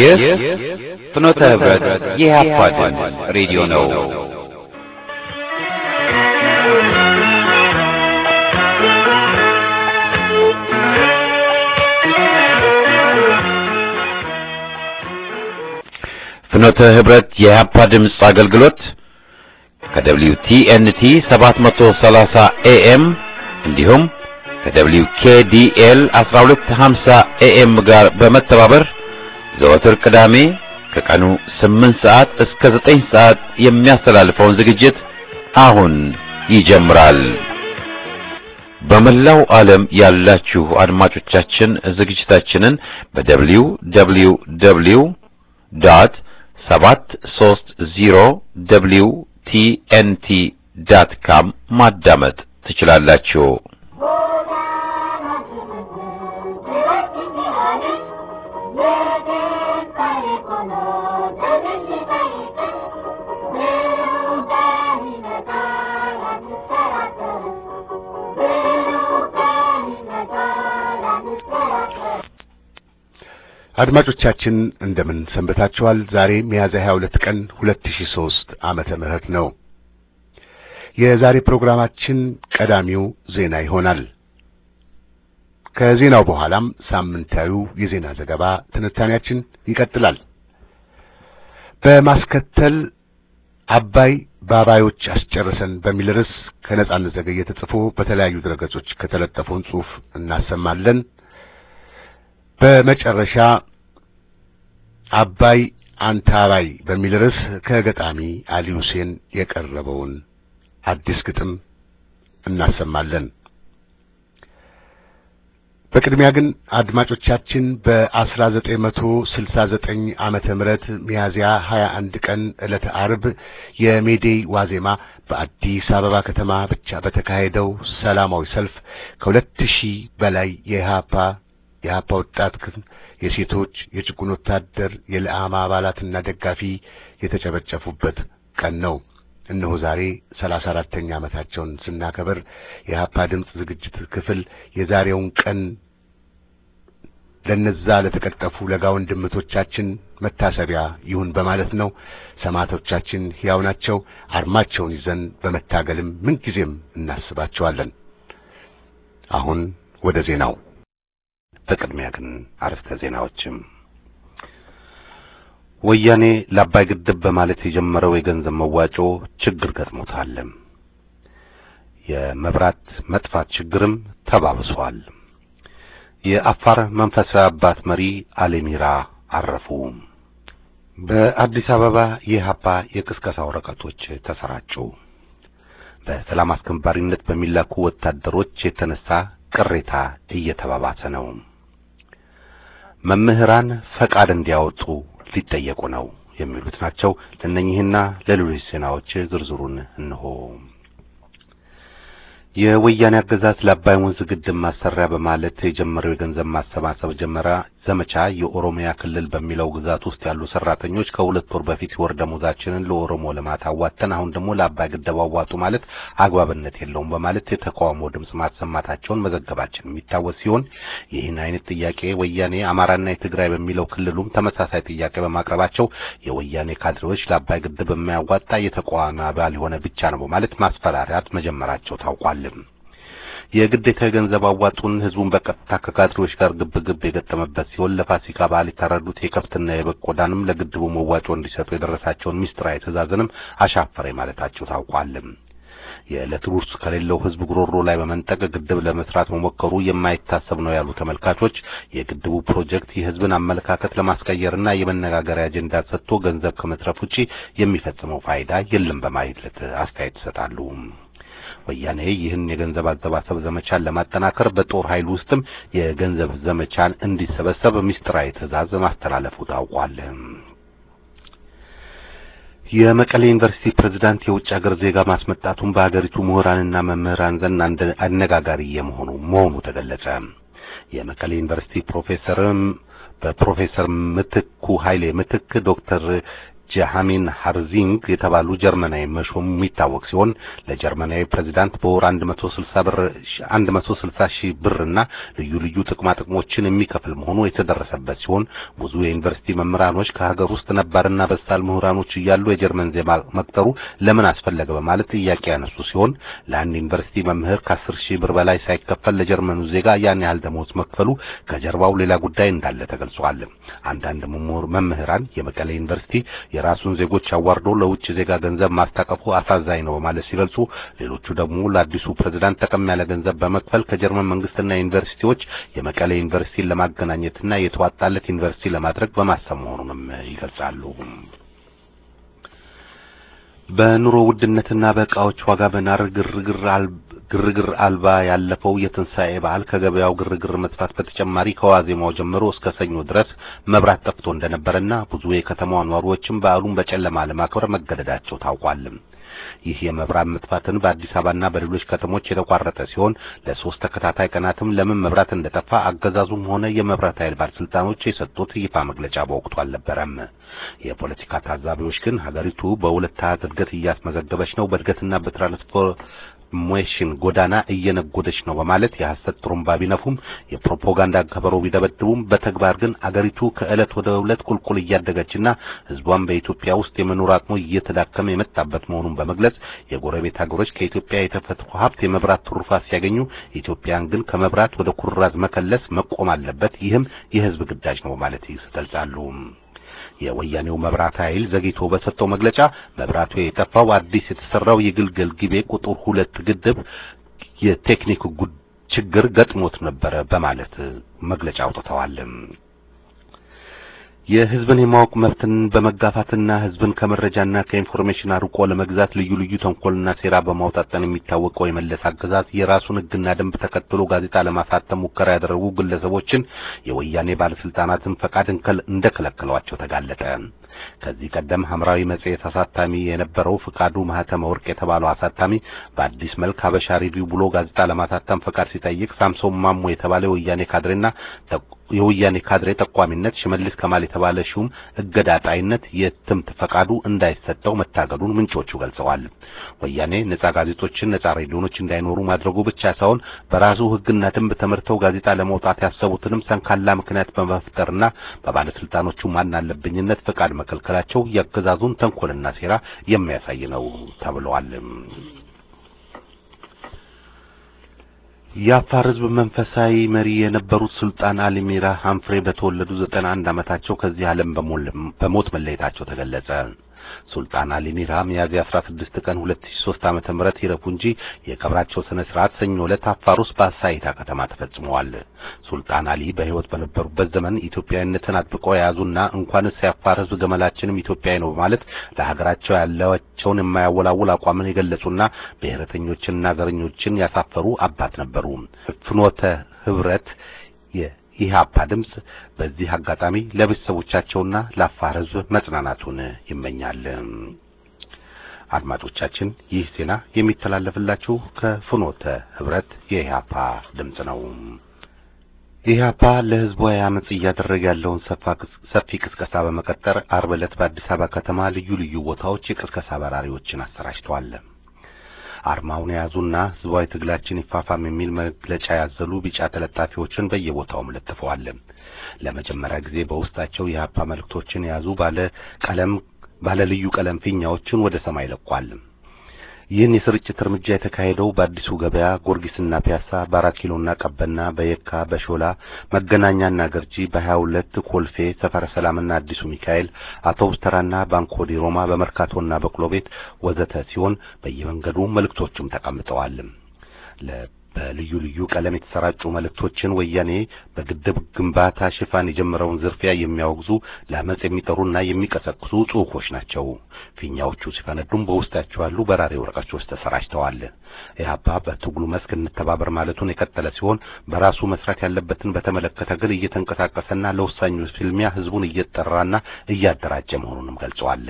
ይህ ፍኖተ ህብረት የኢህአፓ ድምፅ ሬዲዮ ነው። ፍኖተ ህብረት የኢህአፓ ድምፅ አገልግሎት ከደብሊው ቲኤንቲ 730 ኤኤም እንዲሁም ከደብሊው ኬዲኤል 1250 ኤኤም ጋር በመተባበር ዘወትር ቅዳሜ ከቀኑ ስምንት ሰዓት እስከ ዘጠኝ ሰዓት የሚያስተላልፈውን ዝግጅት አሁን ይጀምራል። በመላው ዓለም ያላችሁ አድማጮቻችን ዝግጅታችንን በደብሊው ደብሊው ደብሊው ዶት ሰባት ሶስት ዜሮ ደብሊው ቲኤንቲ ዳት ካም ማዳመጥ ትችላላችሁ። አድማጮቻችን እንደምን ሰንበታችኋል? ዛሬ ሚያዝያ 22 ቀን 2003 ዓመተ ምህረት ነው። የዛሬ ፕሮግራማችን ቀዳሚው ዜና ይሆናል። ከዜናው በኋላም ሳምንታዊው የዜና ዘገባ ትንታኔያችን ይቀጥላል። በማስከተል አባይ ባባዮች አስጨረሰን በሚል ርዕስ ከነጻነት ዘገየ ተጽፎ በተለያዩ ድረገጾች ከተለጠፈውን ጽሑፍ እናሰማለን። በመጨረሻ አባይ አንታባይ በሚል ርዕስ ከገጣሚ አሊ ሁሴን የቀረበውን አዲስ ግጥም እናሰማለን። በቅድሚያ ግን አድማጮቻችን በ1969 ዓመተ ምህረት ሚያዝያ 21 ቀን ዕለተ አርብ የሜዴይ ዋዜማ በአዲስ አበባ ከተማ ብቻ በተካሄደው ሰላማዊ ሰልፍ ከሁለት ሺህ በላይ የኢህአፓ የሀፓ ወጣት ክፍል የሴቶች፣ የጭቁን ወታደር፣ የለአማ አባላትና ደጋፊ የተጨበጨፉበት ቀን ነው። እነሆ ዛሬ ሰላሳ አራተኛ ዓመታቸውን ስናከብር የሀፓ ድምፅ ዝግጅት ክፍል የዛሬውን ቀን ለነዛ ለተቀጠፉ ለጋ ወንድምቶቻችን መታሰቢያ ይሁን በማለት ነው። ሰማዕቶቻችን ሕያው ናቸው። አርማቸውን ይዘን በመታገልም ምንጊዜም እናስባቸዋለን። አሁን ወደ ዜናው በቅድሚያ ግን አረፍተ ዜናዎችም ወያኔ ለአባይ ግድብ በማለት የጀመረው የገንዘብ መዋጮ ችግር ገጥሞታል። የመብራት መጥፋት ችግርም ተባብሷል። የአፋር መንፈሳዊ አባት መሪ አለሚራ አረፉ። በአዲስ አበባ የኢህአፓ የቅስቀሳ ወረቀቶች ተሰራጩ። በሰላም አስከባሪነት በሚላኩ ወታደሮች የተነሳ ቅሬታ እየተባባሰ ነው። መምህራን ፈቃድ እንዲያወጡ ሊጠየቁ ነው የሚሉት ናቸው። ለነኚህና ለሌሎች ዜናዎች ዝርዝሩን እንሆ። የወያኔ አገዛዝ ለአባይ ወንዝ ግድብ ማሰሪያ በማለት የጀመረው የገንዘብ ማሰባሰብ ጀመራ ዘመቻ የኦሮሚያ ክልል በሚለው ግዛት ውስጥ ያሉ ሰራተኞች ከሁለት ወር በፊት ወር ደሞዛችንን ለኦሮሞ ልማት አዋተን አሁን ደግሞ ለአባይ ግድብ አዋጡ ማለት አግባብነት የለውም በማለት የተቃውሞ ድምፅ ማሰማታቸውን መዘገባችን የሚታወስ ሲሆን ይህን አይነት ጥያቄ ወያኔ አማራና የትግራይ በሚለው ክልሉም ተመሳሳይ ጥያቄ በማቅረባቸው የወያኔ ካድሬዎች ለአባይ ግድብ የማያዋጣ የተቃዋሚ አባል የሆነ ብቻ ነው በማለት ማስፈራሪያት መጀመራቸው ታውቋል። የግዴታ የገንዘብ አዋጡን ህዝቡን በቀጥታ ከካድሬዎች ጋር ግብግብ የገጠመበት ሲሆን ለፋሲካ በዓል የታረዱት የከብትና የበግ ቆዳንም ለግድቡ መዋጮ እንዲሰጡ የደረሳቸውን ሚስጥራዊ አይተዛዘንም አሻፈረ ማለታቸው ታውቋል። የዕለት ጉርስ ከሌለው ህዝብ ጉሮሮ ላይ በመንጠቅ ግድብ ለመስራት መሞከሩ የማይታሰብ ነው ያሉ ተመልካቾች የግድቡ ፕሮጀክት የህዝብን አመለካከት ለማስቀየርና የመነጋገሪያ አጀንዳ ሰጥቶ ገንዘብ ከመትረፍ ውጪ የሚፈጽመው ፋይዳ የለም በማለት አስተያየት ይሰጣሉ። ወያኔ ይህን የገንዘብ አሰባሰብ ዘመቻን ለማጠናከር በጦር ኃይል ውስጥም የገንዘብ ዘመቻን እንዲሰበሰብ ምስጢራዊ ትዕዛዝ ማስተላለፉ ታውቋል። የመቀሌ ዩኒቨርሲቲ ፕሬዝዳንት የውጭ ሀገር ዜጋ ማስመጣቱን በሀገሪቱ ምሁራንና መምህራን ዘንድ አነጋጋሪ የመሆኑ መሆኑ ተገለጸ። የመቀሌ ዩኒቨርሲቲ ፕሮፌሰርም በፕሮፌሰር ምትኩ ኃይሌ ምትክ ዶክተር ጀሃሜን ሃርዚንግ የተባሉ ጀርመናዊ መሾሙ የሚታወቅ ሲሆን ለጀርመናዊ ፕሬዚዳንት በወር 160 ብር 160 ሺህ ብር ልዩ ልዩ ጥቅማ ጥቅሞችን የሚከፍል መሆኑ የተደረሰበት ሲሆን ብዙ የዩኒቨርሲቲ መምህራኖች ከሀገር ውስጥ ነባርና በሳል ምሁራኖች እያሉ የጀርመን ዜማ መቅጠሩ ለምን አስፈለገ በማለት ጥያቄ ያነሱ ሲሆን ለአንድ ዩኒቨርሲቲ መምህር ከ10 ሺህ ብር በላይ ሳይከፈል ለጀርመኑ ዜጋ ያን ያህል ደሞዝ መክፈሉ ከጀርባው ሌላ ጉዳይ እንዳለ ተገልጿል። አንዳንድ መምህራን የመቀሌ ዩኒቨርሲቲ የራሱን ዜጎች አዋርዶ ለውጭ ዜጋ ገንዘብ ማስታቀፉ አሳዛኝ ነው በማለት ሲገልጹ፣ ሌሎቹ ደግሞ ለአዲሱ ፕሬዝዳንት ጠቀም ያለ ገንዘብ በመክፈል ከጀርመን መንግስትና ዩኒቨርሲቲዎች የመቀለ ዩኒቨርሲቲን ለማገናኘትና የተዋጣለት ዩኒቨርሲቲ ለማድረግ በማሰብ መሆኑንም ይገልጻሉ። በኑሮ ውድነትና በእቃዎች ዋጋ በናር ግርግር ግርግር አልባ ያለፈው የትንሣኤ በዓል ከገበያው ግርግር መጥፋት በተጨማሪ ከዋዜማው ጀምሮ እስከ ሰኞ ድረስ መብራት ጠፍቶ እንደነበረና ብዙ የከተማዋ ነዋሪዎችም በዓሉን በጨለማ ለማክበር መገደዳቸው ታውቋል። ይህ የመብራት መጥፋትን በአዲስ አበባና በሌሎች ከተሞች የተቋረጠ ሲሆን ለሶስት ተከታታይ ቀናትም ለምን መብራት እንደጠፋ አገዛዙም ሆነ የመብራት ኃይል ባለስልጣኖች የሰጡት ይፋ መግለጫ በወቅቱ አልነበረም። የፖለቲካ ታዛቢዎች ግን ሀገሪቱ በሁለት እድገት እያስመዘገበች ነው፣ በእድገትና በትራንስፖርት ሞሽን ጎዳና እየነጎደች ነው በማለት የሐሰት ጥሩምባ ቢነፉም የፕሮፓጋንዳ ከበሮ ቢደበድቡም በተግባር ግን አገሪቱ ከእለት ወደ ዕለት ቁልቁል እያደገችና ህዝቧን በኢትዮጵያ ውስጥ የመኖር አቅሙ እየተዳከመ የመጣበት መሆኑን በመግለጽ የጎረቤት ሀገሮች ከኢትዮጵያ የተፈጥሮ ሀብት የመብራት ትሩፋት ሲያገኙ ኢትዮጵያን ግን ከመብራት ወደ ኩራዝ መከለስ መቆም አለበት፣ ይህም የህዝብ ግዳጅ ነው በማለት ይገልጻሉ። የወያኔው መብራት ኃይል ዘግይቶ በሰጠው መግለጫ መብራቱ የጠፋው አዲስ የተሰራው የግልገል ጊቤ ቁጥር ሁለት ግድብ የቴክኒክ ችግር ገጥሞት ነበረ በማለት መግለጫ አውጥተዋል። የህዝብን የማወቅ መብትን በመጋፋትና ህዝብን ከመረጃና ከኢንፎርሜሽን አርቆ ለመግዛት ልዩ ልዩ ተንኮልና ሴራ በማውጣጠን የሚታወቀው የመለስ አገዛዝ የራሱን ህግና ደንብ ተከትሎ ጋዜጣ ለማሳተም ሙከራ ያደረጉ ግለሰቦችን የወያኔ ባለስልጣናትን ፈቃድ እንደከለከሏቸው ተጋለጠ። ከዚህ ቀደም ሐምራዊ መጽሔት አሳታሚ የነበረው ፍቃዱ ማህተመ ወርቅ የተባለው አሳታሚ በአዲስ መልክ ሀበሻ ሪቪው ብሎ ጋዜጣ ለማሳተም ፈቃድ ሲጠይቅ ሳምሶን ማሞ የተባለ የወያኔ ካድሬና የወያኔ ካድሬ ጠቋሚነት ሽመልስ ከማል የተባለ ሹም እገዳ ጣይነት የትምት ፈቃዱ እንዳይሰጠው መታገዱን ምንጮቹ ገልጸዋል። ወያኔ ነጻ ጋዜጦችን፣ ነጻ ሬዲዮኖች እንዳይኖሩ ማድረጉ ብቻ ሳይሆን በራሱ ህግና ደንብ ተመርተው ጋዜጣ ለመውጣት ያሰቡትንም ሰንካላ ምክንያት በመፍጠርና በባለስልጣኖቹ ማን አለብኝነት ፈቃድ መከልከላቸው የአገዛዙን ተንኮልና ሴራ የሚያሳይ ነው ተብለዋል። የአፋር ህዝብ መንፈሳዊ መሪ የነበሩት ሱልጣን አሊሚራ ሀንፍሬ በተወለዱ ዘጠና አንድ ዓመታቸው ከዚህ ዓለም በሞት መለየታቸው ተገለጸ። ሱልጣን አሊ ሚራ ሚያዝያ 16 ቀን 2003 ዓ.ም ይረፉ እንጂ የቀብራቸው ስነ ስርዓት ሰኞ ዕለት አፋር ውስጥ በአሳይታ ከተማ ተፈጽመዋል። ሱልጣን አሊ በህይወት በነበሩበት ዘመን ኢትዮጵያዊነትን አጥብቀው የያዙና እንኳንስ የአፋር ህዝብ ገመላችንም ኢትዮጵያዊ ነው በማለት ለሀገራቸው ያላቸውን የማያወላውል አቋምን የገለጹና ብሔረተኞችንና ዘረኞችን ያሳፈሩ አባት ነበሩ። ፍኖተ ህብረት የኢህአፓ ድምፅ በዚህ አጋጣሚ ለቤተሰቦቻቸውና ለአፋር ሕዝብ መጽናናቱን ይመኛል። አድማጮቻችን ይህ ዜና የሚተላለፍላችሁ ከፍኖተ ህብረት የኢህአፓ ድምፅ ነው። ኢህአፓ ለህዝቡ አመጽ እያደረገ ያለውን ሰፊ ቅስቀሳ በመቀጠር አርብ ዕለት በአዲስ አበባ ከተማ ልዩ ልዩ ቦታዎች የቅስቀሳ በራሪዎችን አሰራጭተዋል። አርማውን የያዙና ህዝባዊ ትግላችን ይፋፋም የሚል መግለጫ ያዘሉ ቢጫ ተለጣፊዎችን በየቦታው ለጥፈዋል። ለመጀመሪያ ጊዜ በውስጣቸው የሀፓ መልእክቶችን የያዙ ባለ ቀለም ባለ ልዩ ቀለም ፊኛዎችን ወደ ሰማይ ለቋል። ይህን የስርጭት እርምጃ የተካሄደው በአዲሱ ገበያ፣ ጎርጊስና ፒያሳ፣ በአራት ኪሎና ቀበና፣ በየካ፣ በሾላ፣ መገናኛና ገርጂ፣ በሀያ ሁለት ኮልፌ፣ ሰፈረ ሰላምና አዲሱ ሚካኤል፣ አውቶቡስ ተራና ባንኮ ዲ ሮማ፣ በመርካቶና በቅሎ ቤት ወዘተ ሲሆን በየመንገዱ መልእክቶችም ተቀምጠዋል። በልዩ ልዩ ቀለም የተሰራጩ መልእክቶችን ወያኔ በግድብ ግንባታ ሽፋን የጀመረውን ዝርፊያ የሚያወግዙ ለአመፅ የሚጠሩና የሚቀሰቅሱ ጽሁፎች ናቸው። ፊኛዎቹ ሲፈነዱም በውስጣቸው ያሉ በራሪ ወረቀቶች ተሰራጭተዋል። ኢህአፓ በትግሉ መስክ እንተባበር ማለቱን የቀጠለ ሲሆን በራሱ መስራት ያለበትን በተመለከተ ግን እየተንቀሳቀሰና ለወሳኙ ፊልሚያ ህዝቡን እየጠራና እያደራጀ መሆኑንም ገልጸዋል።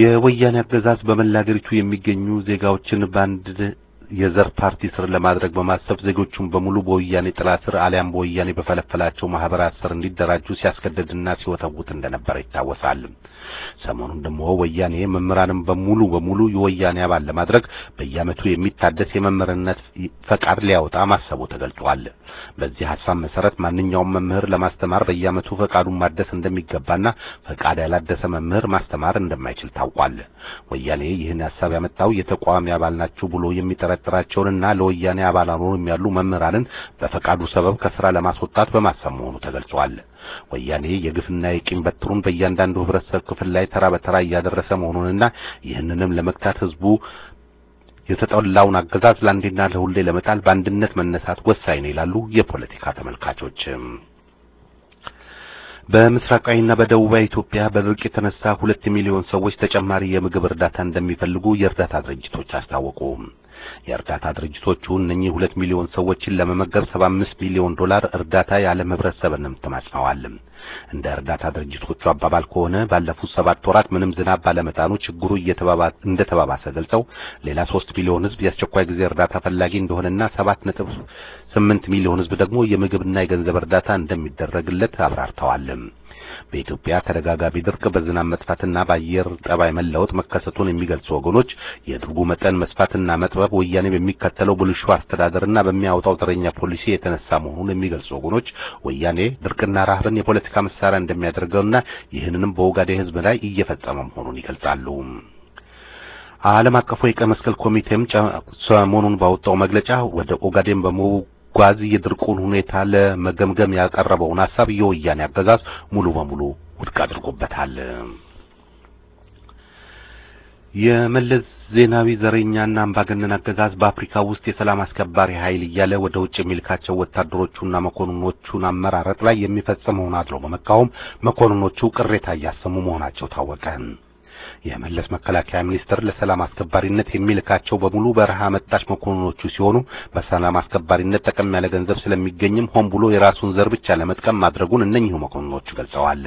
የወያኔ አገዛዝ በመላ አገሪቱ የሚገኙ ዜጋዎችን በአንድ የዘር ፓርቲ ስር ለማድረግ በማሰብ ዜጎቹን በሙሉ በወያኔ ጥላ ስር አሊያም በወያኔ በፈለፈላቸው ማህበራት ስር እንዲደራጁ ሲያስገድድና ሲወተውት እንደነበረ ይታወሳል። ሰሞኑን ደግሞ ወያኔ መምህራንም በሙሉ በሙሉ የወያኔ አባል ለማድረግ በየአመቱ የሚታደስ የመምህርነት ፈቃድ ሊያወጣ ማሰቡ ተገልጿል። በዚህ ሀሳብ መሰረት ማንኛውም መምህር ለማስተማር በየአመቱ ፈቃዱን ማደስ እንደሚገባና ፈቃድ ያላደሰ መምህር ማስተማር እንደማይችል ታውቋል። ወያኔ ይህን ሀሳብ ያመጣው የተቋሚ አባል ናቸው ብሎ የሚጠረጥራቸውንና ለወያኔ አባል አልሆኑም ያሉ መምህራንን በፈቃዱ ሰበብ ከስራ ለማስወጣት በማሰብ መሆኑ ተገልጿል። ወያኔ የግፍና የቂም በትሩን በእያንዳንዱ ህብረተሰብ ክፍል ላይ ተራ በተራ እያደረሰ መሆኑንና ይህንንም ለመግታት ህዝቡ የተጠላውን አገዛዝ ለአንዴና ለሁሌ ለመጣል በአንድነት መነሳት ወሳኝ ነው ይላሉ የፖለቲካ ተመልካቾች። በምስራቃዊና በደቡባዊ ኢትዮጵያ በድርቅ የተነሳ ሁለት ሚሊዮን ሰዎች ተጨማሪ የምግብ እርዳታ እንደሚፈልጉ የእርዳታ ድርጅቶች አስታወቁ። የእርዳታ ድርጅቶቹ እነኚህ ሁለት ሚሊዮን ሰዎችን ለመመገብ 75 ሚሊዮን ዶላር እርዳታ የዓለም ህብረተሰብንም ተማጽነዋል። እንደ እርዳታ ድርጅቶቹ አባባል ከሆነ ባለፉት ሰባት ወራት ምንም ዝናብ ባለመጣኑ ችግሩ እንደተባባሰ ገልጸው ሌላ ሶስት ሚሊዮን ህዝብ የአስቸኳይ ጊዜ እርዳታ ፈላጊ እንደሆነና ሰባት ነጥብ ስምንት ሚሊዮን ህዝብ ደግሞ የምግብና የገንዘብ እርዳታ እንደሚደረግለት አብራርተዋል። በኢትዮጵያ ተደጋጋሚ ድርቅ በዝናብ መጥፋትና በአየር ጠባይ መለወጥ መከሰቱን የሚገልጹ ወገኖች የድርጉ መጠን መስፋትና መጥበብ ወያኔ በሚከተለው ብልሹ አስተዳደርና በሚያወጣው ዘረኛ ፖሊሲ የተነሳ መሆኑን የሚገልጹ ወገኖች ወያኔ ድርቅና ረሃብን የፖለቲካ መሳሪያ እንደሚያደርገውና ይህንንም በኦጋዴ ህዝብ ላይ እየፈጸመ መሆኑን ይገልጻሉ። ዓለም አቀፉ የቀይ መስቀል ኮሚቴም ሰሞኑን ባወጣው መግለጫ ወደ ኦጋዴን በመው ጓዝ የድርቁን ሁኔታ ለመገምገም ያቀረበውን ሀሳብ የወያኔ አገዛዝ ሙሉ በሙሉ ውድቅ አድርጎበታል። የመለስ ዜናዊ ዘረኛና አምባገነን አገዛዝ በአፍሪካ ውስጥ የሰላም አስከባሪ ኃይል እያለ ወደ ውጭ የሚልካቸው ወታደሮቹና መኮንኖቹን አመራረጥ ላይ የሚፈጽመውን አድሎ በመቃወም መኮንኖቹ ቅሬታ እያሰሙ መሆናቸው ታወቀ። የመለስ መከላከያ ሚኒስቴር ለሰላም አስከባሪነት የሚልካቸው በሙሉ በረሃ መጣሽ መኮንኖቹ ሲሆኑ በሰላም አስከባሪነት ጠቀም ያለ ገንዘብ ስለሚገኝም ሆን ብሎ የራሱን ዘር ብቻ ለመጥቀም ማድረጉን እነኚሁ መኮንኖቹ ገልጸዋል።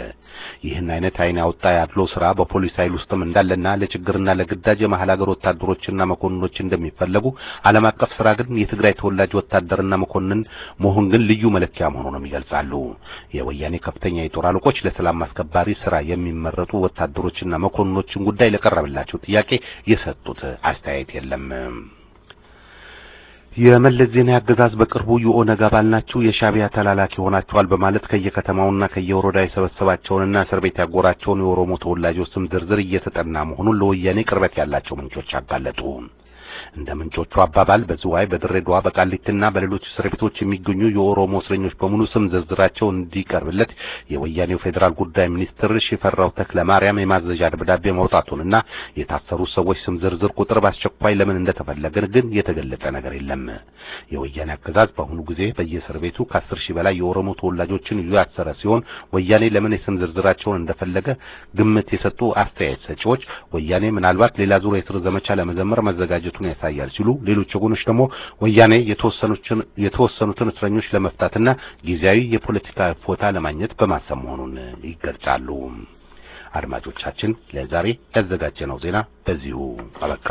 ይህን አይነት አይን አውጣ ያድሎ ስራ በፖሊስ ኃይል ውስጥም እንዳለና ለችግርና ለግዳጅ የመሀል ሀገር ወታደሮችና መኮንኖች እንደሚፈለጉ ዓለም አቀፍ ስራ ግን የትግራይ ተወላጅ ወታደርና መኮንን መሆን ግን ልዩ መለኪያ መሆኑንም ይገልጻሉ። የወያኔ ከፍተኛ የጦር አለቆች ለሰላም አስከባሪ ስራ የሚመረጡ ወታደሮችና መኮንኖችን ጉዳይ ለቀረበላቸው ጥያቄ የሰጡት አስተያየት የለም። የመለስ ዜናዊ አገዛዝ በቅርቡ የኦነግ አባል ናችሁ፣ የሻቢያ ተላላኪ ሆናችኋል በማለት ከየከተማውና ከየወረዳ የሰበሰባቸውንና እስር ቤት ያጎራቸውን የኦሮሞ ተወላጆች ስም ዝርዝር እየተጠና መሆኑን ለወያኔ ቅርበት ያላቸው ምንጮች አጋለጡ። እንደ ምንጮቹ አባባል በዝዋይ፣ በድሬዳዋ፣ በቃሊትና በሌሎች እስር ቤቶች የሚገኙ የኦሮሞ እስረኞች በሙሉ ስም ዝርዝራቸው እንዲቀርብለት የወያኔው ፌዴራል ጉዳይ ሚኒስትር ሽፈራው ተክለ ማርያም የማዘዣ ደብዳቤ መውጣቱንና የታሰሩ ሰዎች ስም ዝርዝር ቁጥር በአስቸኳይ ለምን እንደተፈለገ ግን የተገለጸ ነገር የለም። የወያኔ አገዛዝ በአሁኑ ጊዜ በየእስር ቤቱ ከአስር ሺህ በላይ የኦሮሞ ተወላጆችን ይዞ ያሰረ ሲሆን ወያኔ ለምን የስም ዝርዝራቸውን እንደፈለገ ግምት የሰጡ አስተያየት ሰጪዎች ወያኔ ምናልባት ሌላ ዙር የእስር ዘመቻ ለመዘመር መዘጋጀቱን ያሳያል ሲሉ ሌሎች ወገኖች ደግሞ ወያኔ የተወሰኑትን እስረኞች ለመፍታትና ጊዜያዊ የፖለቲካ ፎታ ለማግኘት በማሰብ መሆኑን ይገልጻሉ። አድማጮቻችን፣ ለዛሬ ያዘጋጀነው ዜና በዚሁ አበቃ።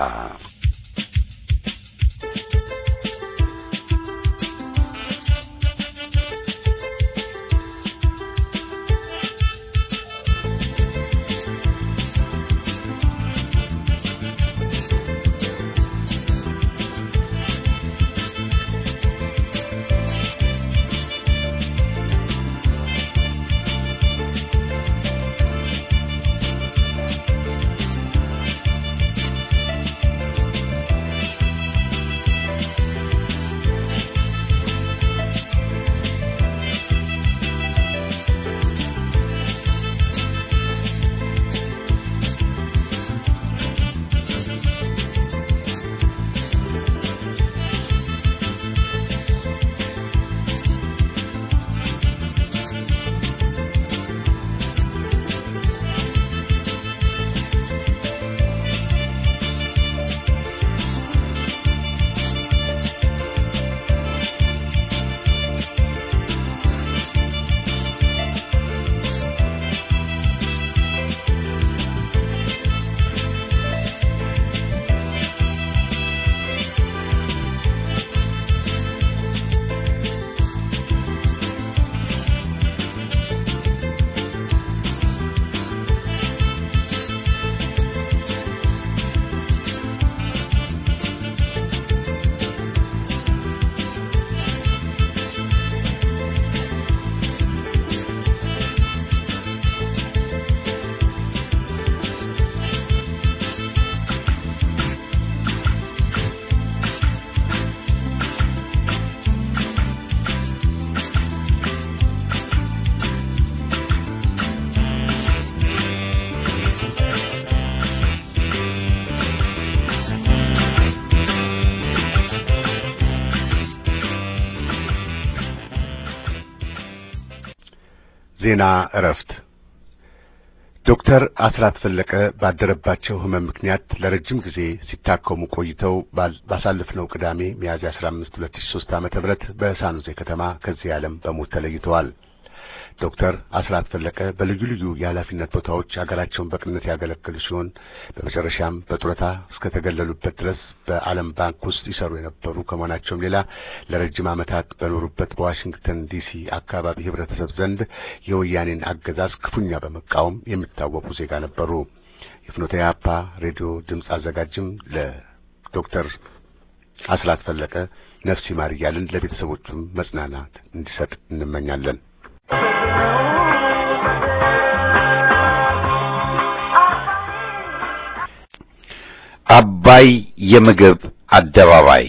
የጤና እረፍት ዶክተር አስራት ፈለቀ ባደረባቸው ህመም ምክንያት ለረጅም ጊዜ ሲታከሙ ቆይተው ባሳለፍነው ቅዳሜ ሚያዝያ 15 2003 ዓ.ም በሳኑዜ ከተማ ከዚህ ዓለም በሞት ተለይተዋል። ዶክተር አስራት ፈለቀ በልዩ ልዩ የኃላፊነት ቦታዎች ሀገራቸውን በቅንነት ያገለገሉ ሲሆን በመጨረሻም በጡረታ እስከተገለሉበት ድረስ በዓለም ባንክ ውስጥ ይሰሩ የነበሩ ከመሆናቸውም ሌላ ለረጅም ዓመታት በኖሩበት በዋሽንግተን ዲሲ አካባቢ ህብረተሰብ ዘንድ የወያኔን አገዛዝ ክፉኛ በመቃወም የሚታወቁ ዜጋ ነበሩ። የፍኖተ ያፓ ሬዲዮ ድምፅ አዘጋጅም ለዶክተር አስራት ፈለቀ ነፍስ ይማር እያልን ለቤተሰቦቹም መጽናናት እንዲሰጥ እንመኛለን። አባይ የምግብ አደባባይ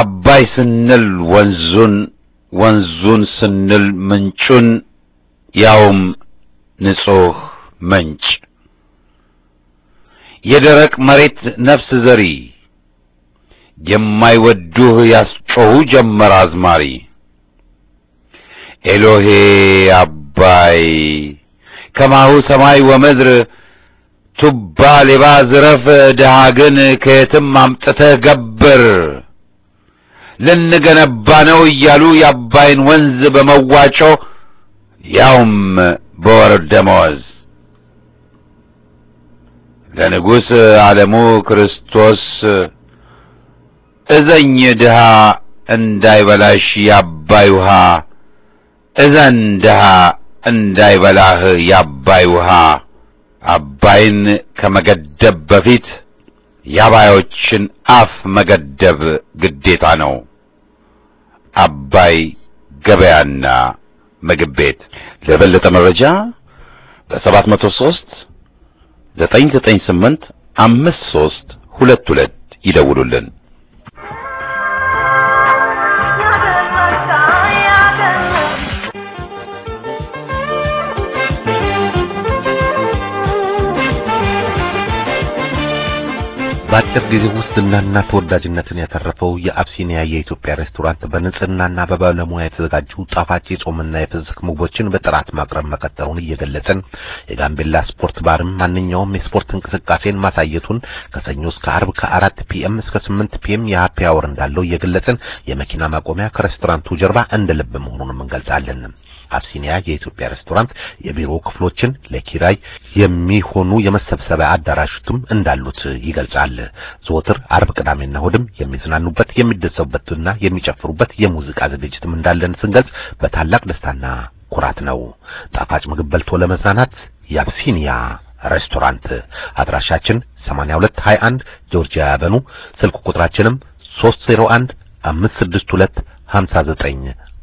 አባይ ስንል ወንዙን ወንዙን ስንል ምንጩን ያውም ንጹህ ምንጭ የደረቅ መሬት ነፍስ ዘሪ የማይወዱህ ያስጮሁ ጀመር አዝማሪ ኤሎሄ አባይ ከማሁ ሰማይ ወምድር ቱባ ሌባ ዝረፍ፣ ድሃ ግን ከየትም አምጥተህ ገብር። ልንገነባ ነው እያሉ የአባይን ወንዝ በመዋጮ ያውም በወር ደመወዝ ለንጉሥ ዓለሙ ክርስቶስ እዘኝ ድሃ እንዳይበላሽ የአባይ ውሃ እዘን ድሃ እንዳይበላህ የአባይ ውሃ አባይን ከመገደብ በፊት የአባዮችን አፍ መገደብ ግዴታ ነው። አባይ ገበያና ምግብ ቤት። ለበለጠ መረጃ በሰባት መቶ ሶስት ዘጠኝ ዘጠኝ ስምንት አምስት ሶስት ሁለት ሁለት ይደውሉልን። በአጭር ጊዜ ውስጥ ተወዳጅነትን ያተረፈው የአብሲኒያ የኢትዮጵያ ሬስቶራንት በንጽህናና በባለሙያ የተዘጋጁ ጣፋጭ የጾምና የፍስክ ምግቦችን በጥራት ማቅረብ መቀጠሉን እየገለጽን የጋምቤላ ስፖርት ባርም ማንኛውም የስፖርት እንቅስቃሴን ማሳየቱን ከሰኞ እስከ አርብ ከአራት ፒኤም እስከ ስምንት ፒኤም የሀፒ አወር እንዳለው እየገለጽን የመኪና ማቆሚያ ከሬስቶራንቱ ጀርባ እንደ ልብ መሆኑንም እንገልጻለን። አብሲኒያ የኢትዮጵያ ሬስቶራንት የቢሮ ክፍሎችን ለኪራይ የሚሆኑ የመሰብሰቢያ አዳራሾችም እንዳሉት ይገልጻል። ዘወትር አርብ፣ ቅዳሜና እሁድም የሚዝናኑበት የሚደሰቡበትና የሚጨፍሩበት የሙዚቃ ዝግጅትም እንዳለን ስንገልጽ በታላቅ ደስታና ኩራት ነው። ጣፋጭ ምግብ በልቶ ለመዝናናት የአብሲኒያ ሬስቶራንት አድራሻችን 8221 ጆርጂያ አቨኑ ስልክ ቁጥራችንም 301 562 59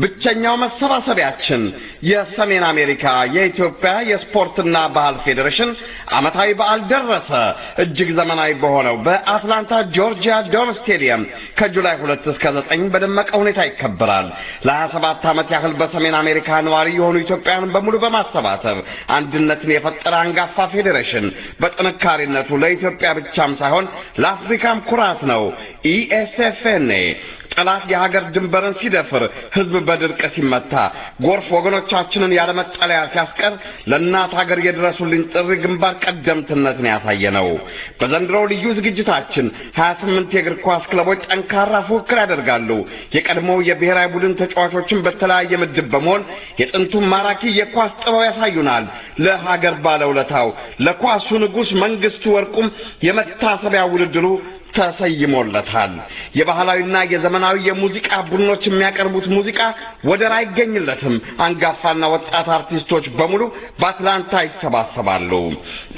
ብቸኛው መሰባሰቢያችን የሰሜን አሜሪካ የኢትዮጵያ የስፖርትና ባህል ፌዴሬሽን ዓመታዊ በዓል ደረሰ። እጅግ ዘመናዊ በሆነው በአትላንታ ጆርጂያ ዶም ስቴዲየም ከጁላይ ሁለት እስከ ዘጠኝ በደመቀ ሁኔታ ይከበራል። ለሀያ ሰባት ዓመት ያህል በሰሜን አሜሪካ ነዋሪ የሆኑ ኢትዮጵያውያን በሙሉ በማሰባሰብ አንድነትን የፈጠረ አንጋፋ ፌዴሬሽን በጥንካሬነቱ ለኢትዮጵያ ብቻም ሳይሆን ለአፍሪካም ኩራት ነው። ኢኤስኤፍኤንኤ e ጠላት የሀገር ድንበርን ሲደፍር፣ ህዝብ በድርቅ ሲመታ፣ ጎርፍ ወገኖቻችንን ያለመጠለያ ሲያስቀር ለእናት ሀገር የድረሱልኝ ጥሪ ግንባር ቀደምትነትን ያሳየ ነው። በዘንድሮው ልዩ ዝግጅታችን ሀያ ስምንት የእግር ኳስ ክለቦች ጠንካራ ፉክክር ያደርጋሉ። የቀድሞው የብሔራዊ ቡድን ተጫዋቾችን በተለያየ ምድብ በመሆን የጥንቱን ማራኪ የኳስ ጥበብ ያሳዩናል። ለሀገር ባለውለታው ለኳሱ ንጉሥ መንግስቱ ወርቁም የመታሰቢያ ውድድሩ ተሰይሞለታል። የባህላዊና የዘመናዊ የሙዚቃ ቡድኖች የሚያቀርቡት ሙዚቃ ወደር አይገኝለትም። አንጋፋና ወጣት አርቲስቶች በሙሉ በአትላንታ ይሰባሰባሉ።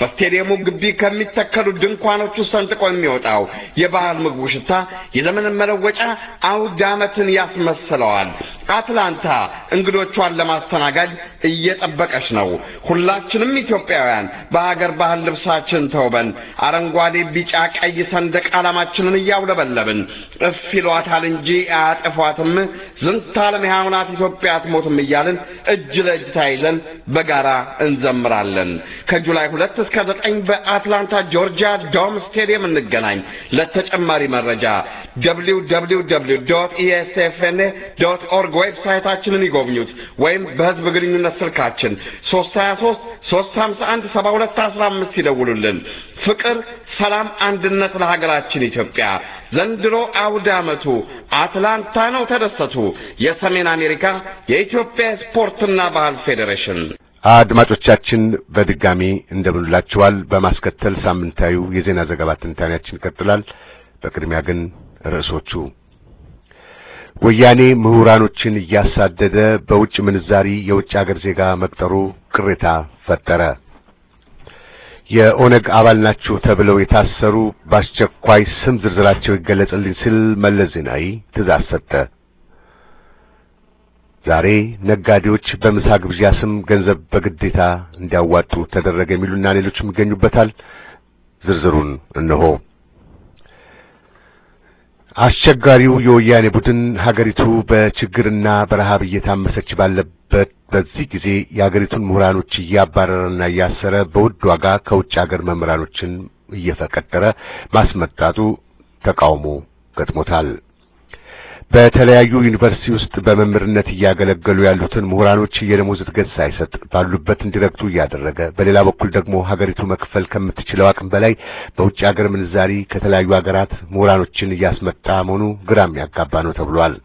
በስቴዲየሙ ግቢ ከሚተከሉ ድንኳኖች ውስጥ ሰንጥቆ የሚወጣው የባህል ምግቡ ሽታ የዘመንን መለወጫ አውድ ዓመትን ያስመስለዋል። አትላንታ እንግዶቿን ለማስተናገድ እየጠበቀች ነው። ሁላችንም ኢትዮጵያውያን በሀገር ባህል ልብሳችን ተውበን አረንጓዴ፣ ቢጫ፣ ቀይ ሰንደቃ ዓላማችንን እያውለበለብን እፍ ይሏታል እንጂ አያጠፏትም፣ ዝንታለም ሕያው ናት ኢትዮጵያ አትሞትም እያልን እጅ ለእጅ ታይዘን በጋራ እንዘምራለን። ከጁላይ ሁለት እስከ ዘጠኝ በአትላንታ ጆርጂያ ዶም ስቴዲየም እንገናኝ። ለተጨማሪ መረጃ ደብሊው ደብሊው ደብሊው ኦርግ ዌብሳይታችንን ይጎብኙት ወይም በህዝብ ግንኙነት ስልካችን 3233517215 ሀያ ይደውሉልን። ፍቅር፣ ሰላም፣ አንድነት ለሀገራችን ኢትዮጵያ። ዘንድሮ አውደ ዓመቱ አትላንታ ነው። ተደሰቱ። የሰሜን አሜሪካ የኢትዮጵያ ስፖርትና ባህል ፌዴሬሽን አድማጮቻችን በድጋሚ እንደምንላችኋል። በማስከተል ሳምንታዊ የዜና ዘገባ ትንታኔያችን ይቀጥላል። በቅድሚያ ግን ርዕሶቹ ወያኔ ምሁራኖችን እያሳደደ በውጭ ምንዛሪ የውጭ ሀገር ዜጋ መቅጠሩ ቅሬታ ፈጠረ። የኦነግ አባል ናችሁ ተብለው የታሰሩ በአስቸኳይ ስም ዝርዝራቸው ይገለጽልኝ ሲል መለስ ዜናዊ ትዕዛዝ ሰጠ። ዛሬ ነጋዴዎች በምሳ ግብዣ ስም ገንዘብ በግዴታ እንዲያዋጡ ተደረገ የሚሉና ሌሎችም ይገኙበታል። ዝርዝሩን እነሆ። አስቸጋሪው የወያኔ ቡድን ሀገሪቱ በችግርና በረሃብ እየታመሰች ባለበት በዚህ ጊዜ የሀገሪቱን ምሁራኖች እያባረረና እያሰረ በውድ ዋጋ ከውጭ ሀገር መምህራኖችን እየፈቀጠረ ማስመጣቱ ተቃውሞ ገጥሞታል። በተለያዩ ዩኒቨርሲቲ ውስጥ በመምህርነት እያገለገሉ ያሉትን ምሁራኖች የደሞዝ እድገት ሳይሰጥ ባሉበት እንዲረግጡ እያደረገ በሌላ በኩል ደግሞ ሀገሪቱ መክፈል ከምትችለው አቅም በላይ በውጭ ሀገር ምንዛሪ ከተለያዩ ሀገራት ምሁራኖችን እያስመጣ መሆኑ ግራም ያጋባ ነው ተብሏል።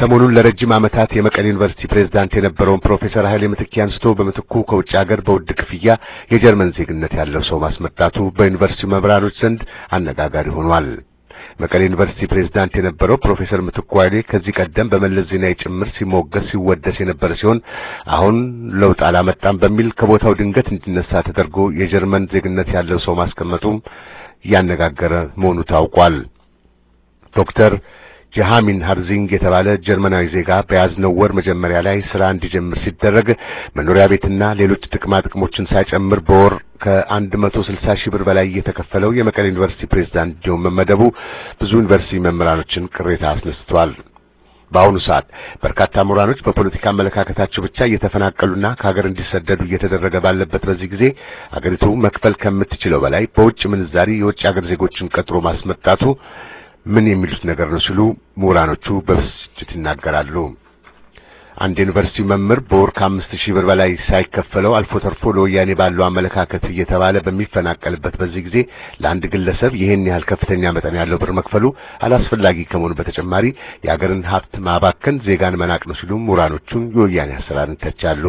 ሰሞኑን ለረጅም ዓመታት የመቀሌ ዩኒቨርሲቲ ፕሬዝዳንት የነበረውን ፕሮፌሰር ኃይሌ ምትኬ አንስቶ በምትኩ ከውጭ ሀገር በውድ ክፍያ የጀርመን ዜግነት ያለው ሰው ማስመጣቱ በዩኒቨርሲቲ መምህራኖች ዘንድ አነጋጋሪ ሆኗል። መቀሌ ዩኒቨርሲቲ ፕሬዝዳንት የነበረው ፕሮፌሰር ምትኩ ኃይሌ ከዚህ ቀደም በመለስ ዜናዊ ጭምር ሲሞገስ ሲወደስ የነበረ ሲሆን አሁን ለውጥ አላመጣም በሚል ከቦታው ድንገት እንዲነሳ ተደርጎ የጀርመን ዜግነት ያለው ሰው ማስቀመጡም ያነጋገረ መሆኑ ታውቋል። ዶክተር ጀሃሚን ሀርዚንግ የተባለ ጀርመናዊ ዜጋ በያዝነው ወር መጀመሪያ ላይ ስራ እንዲጀምር ሲደረግ መኖሪያ ቤትና ሌሎች ጥቅማ ጥቅሞችን ሳይጨምር በወር ከአንድ መቶ ስልሳ ሺህ ብር በላይ እየተከፈለው የመቀሌ ዩኒቨርሲቲ ፕሬዚዳንት እንዲሆን መመደቡ ብዙ ዩኒቨርሲቲ መምህራኖችን ቅሬታ አስነስቷል። በአሁኑ ሰዓት በርካታ ምሁራኖች በፖለቲካ አመለካከታቸው ብቻ እየተፈናቀሉና ከሀገር እንዲሰደዱ እየተደረገ ባለበት በዚህ ጊዜ አገሪቱ መክፈል ከምትችለው በላይ በውጭ ምንዛሪ የውጭ ሀገር ዜጎችን ቀጥሮ ማስመጣቱ ምን የሚሉት ነገር ነው ሲሉ ምሁራኖቹ በብስጭት ይናገራሉ። አንድ ዩኒቨርሲቲ መምህር በወር ከአምስት ሺህ ብር በላይ ሳይከፈለው አልፎ ተርፎ ለወያኔ ባለው አመለካከት እየተባለ በሚፈናቀልበት በዚህ ጊዜ ለአንድ ግለሰብ ይህን ያህል ከፍተኛ መጠን ያለው ብር መክፈሉ አላስፈላጊ ከመሆኑ በተጨማሪ የአገርን ሀብት ማባከን ዜጋን መናቅ ነው ሲሉ ምሁራኖቹን የወያኔ አሰራርን ተቻሉ።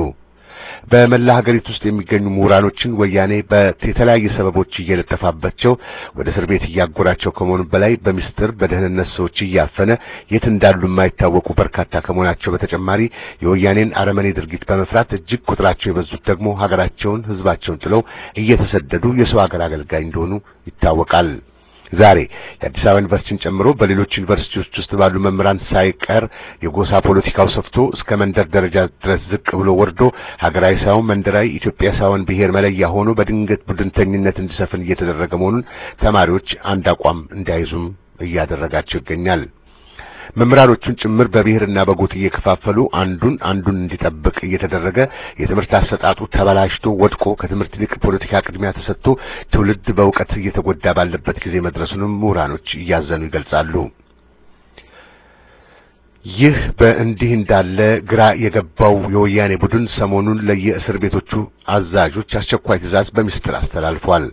በመላ ሀገሪቱ ውስጥ የሚገኙ ምሁራኖችን ወያኔ በተለያየ ሰበቦች እየለጠፋባቸው ወደ እስር ቤት እያጎራቸው ከመሆኑ በላይ በሚስጥር በደህንነት ሰዎች እያፈነ የት እንዳሉ የማይታወቁ በርካታ ከመሆናቸው በተጨማሪ የወያኔን አረመኔ ድርጊት በመፍራት እጅግ ቁጥራቸው የበዙት ደግሞ ሀገራቸውን፣ ህዝባቸውን ጥለው እየተሰደዱ የሰው ሀገር አገልጋይ እንደሆኑ ይታወቃል። ዛሬ የአዲስ አበባ ዩኒቨርሲቲን ጨምሮ በሌሎች ዩኒቨርሲቲዎች ውስጥ ባሉ መምህራን ሳይቀር የጎሳ ፖለቲካው ሰፍቶ እስከ መንደር ደረጃ ድረስ ዝቅ ብሎ ወርዶ ሀገራዊ ሳይሆን መንደራዊ ኢትዮጵያ ሳይሆን ብሔር መለያ ሆኖ በድንገት ቡድንተኝነት እንዲሰፍን እየተደረገ መሆኑን ተማሪዎች አንድ አቋም እንዳይዙም እያደረጋቸው ይገኛል። መምህራኖቹን ጭምር በብሔርና በጎጥ እየከፋፈሉ አንዱን አንዱን እንዲጠብቅ እየተደረገ የትምህርት አሰጣጡ ተበላሽቶ ወድቆ ከትምህርት ይልቅ ፖለቲካ ቅድሚያ ተሰጥቶ ትውልድ በእውቀት እየተጎዳ ባለበት ጊዜ መድረሱንም ምሁራኖች እያዘኑ ይገልጻሉ። ይህ በእንዲህ እንዳለ ግራ የገባው የወያኔ ቡድን ሰሞኑን ለየእስር ቤቶቹ አዛዦች አስቸኳይ ትዕዛዝ በሚስጥር አስተላልፏል።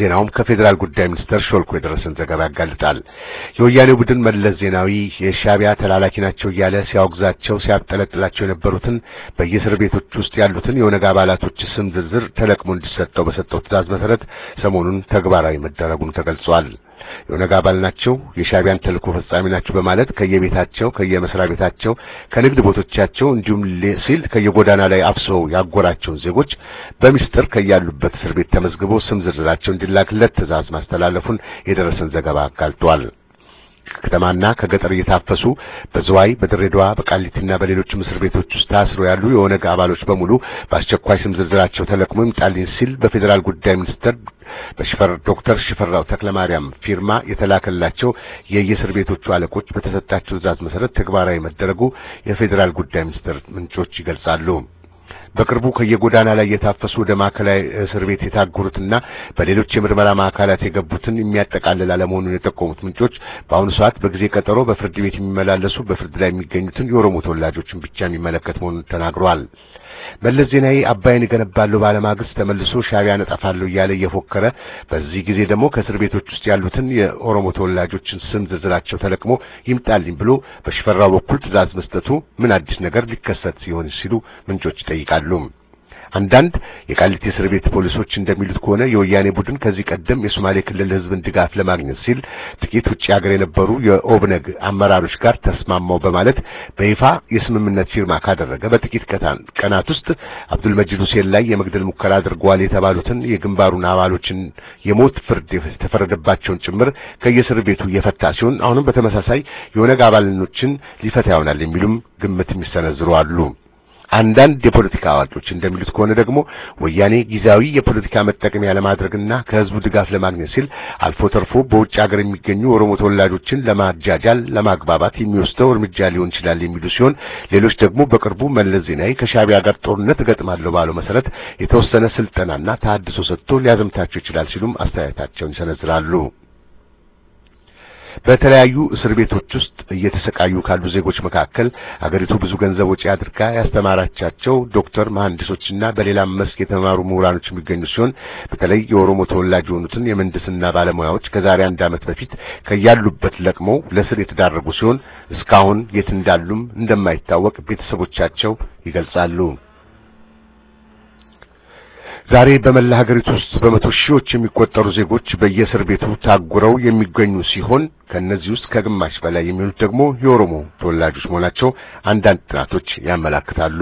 ዜናውም ከፌዴራል ጉዳይ ሚኒስቴር ሾልኮ የደረሰን ዘገባ ያጋልጣል። የወያኔው ቡድን መለስ ዜናዊ የሻቢያ ተላላኪ ናቸው እያለ ሲያወግዛቸው፣ ሲያጠለጥላቸው የነበሩትን በየእስር ቤቶች ውስጥ ያሉትን የኦነግ አባላቶች ስም ዝርዝር ተለቅሞ እንዲሰጠው በሰጠው ትዕዛዝ መሰረት ሰሞኑን ተግባራዊ መደረጉን ተገልጿል። የኦነግ አባል ናቸው፣ የሻቢያን ተልእኮ ፈጻሚ ናቸው በማለት ከየቤታቸው ከየመስሪያ ቤታቸው ከንግድ ቦቶቻቸው እንዲሁም ሲል ከየጎዳና ላይ አፍሰው ያጎራቸውን ዜጎች በሚስጥር ከያሉበት እስር ቤት ተመዝግቦ ስም ዝርዝራቸው እንዲላክለት ትዕዛዝ ማስተላለፉን የደረሰን ዘገባ አጋልጧል። ከተማና ከገጠር እየታፈሱ በዝዋይ፣ በድሬዳዋ፣ በቃሊቲና በሌሎችም እስር ቤቶች ውስጥ ታስሮ ያሉ የኦነግ አባሎች በሙሉ በአስቸኳይ ስም ዝርዝራቸው ተለቅሞ ይምጣልኝ ሲል በፌዴራል ጉዳይ ሚኒስትር ዶክተር ሽፈራው ተክለማርያም ፊርማ የተላከላቸው የየእስር ቤቶቹ አለቆች በተሰጣቸው ትዕዛዝ መሰረት ተግባራዊ መደረጉ የፌዴራል ጉዳይ ሚኒስቴር ምንጮች ይገልጻሉ። በቅርቡ ከየጎዳና ላይ የታፈሱ ወደ ማዕከላዊ እስር ቤት የታገሩትና በሌሎች የምርመራ ማዕከላት የገቡትን የሚያጠቃልል አለመሆኑን የጠቆሙት ምንጮች በአሁኑ ሰዓት በጊዜ ቀጠሮ በፍርድ ቤት የሚመላለሱ በፍርድ ላይ የሚገኙትን የኦሮሞ ተወላጆችን ብቻ የሚመለከት መሆኑን ተናግረዋል። መለስ ዜናዊ አባይን እገነባለሁ ባለማግስት ተመልሶ ሻቢያ እጠፋለሁ እያለ እየፎከረ በዚህ ጊዜ ደግሞ ከእስር ቤቶች ውስጥ ያሉትን የኦሮሞ ተወላጆችን ስም ዝርዝራቸው ተለቅሞ ይምጣልኝ ብሎ በሽፈራው በኩል ትእዛዝ መስጠቱ ምን አዲስ ነገር ሊከሰት ሲሆን ሲሉ ምንጮች ይጠይቃሉ። አንዳንድ የቃሊቲ እስር ቤት ፖሊሶች እንደሚሉት ከሆነ የወያኔ ቡድን ከዚህ ቀደም የሶማሌ ክልል ህዝብን ድጋፍ ለማግኘት ሲል ጥቂት ውጭ ሀገር የነበሩ የኦብነግ አመራሮች ጋር ተስማማው በማለት በይፋ የስምምነት ፊርማ ካደረገ በጥቂት ቀናት ውስጥ አብዱል መጂድ ሁሴን ላይ የመግደል ሙከራ አድርገዋል የተባሉትን የግንባሩን አባሎችን የሞት ፍርድ የተፈረደባቸውን ጭምር ከየእስር ቤቱ እየፈታ ሲሆን አሁንም በተመሳሳይ የኦነግ አባልኖችን ሊፈታ ይሆናል የሚሉም ግምት የሚሰነዝሩ አሉ። አንዳንድ የፖለቲካ አዋቂዎች እንደሚሉት ከሆነ ደግሞ ወያኔ ጊዜያዊ የፖለቲካ መጠቀሚያ ለማድረግና ከህዝቡ ድጋፍ ለማግኘት ሲል አልፎ ተርፎ በውጭ ሀገር የሚገኙ ኦሮሞ ተወላጆችን ለማጃጃል፣ ለማግባባት የሚወስደው እርምጃ ሊሆን ይችላል የሚሉ ሲሆን ሌሎች ደግሞ በቅርቡ መለስ ዜናዊ ከሻቢያ ጋር ጦርነት እገጥማለሁ ባለው መሰረት የተወሰነ ስልጠናና ተሃድሶ ሰጥቶ ሊያዘምታቸው ይችላል ሲሉም አስተያየታቸውን ይሰነዝራሉ። በተለያዩ እስር ቤቶች ውስጥ እየተሰቃዩ ካሉ ዜጎች መካከል አገሪቱ ብዙ ገንዘብ ወጪ አድርጋ ያስተማራቻቸው ዶክተር መሐንዲሶችና በሌላም መስክ የተማሩ ምሁራኖች የሚገኙ ሲሆን በተለይ የኦሮሞ ተወላጅ የሆኑትን የምህንድስና ባለሙያዎች ከዛሬ አንድ ዓመት በፊት ከያሉበት ለቅመው ለስር የተዳረጉ ሲሆን እስካሁን የት እንዳሉም እንደማይታወቅ ቤተሰቦቻቸው ይገልጻሉ። ዛሬ በመላ ሀገሪቱ ውስጥ በመቶ ሺዎች የሚቆጠሩ ዜጎች በየእስር ቤቱ ታጉረው የሚገኙ ሲሆን ከእነዚህ ውስጥ ከግማሽ በላይ የሚሆኑት ደግሞ የኦሮሞ ተወላጆች መሆናቸው አንዳንድ ጥናቶች ያመላክታሉ።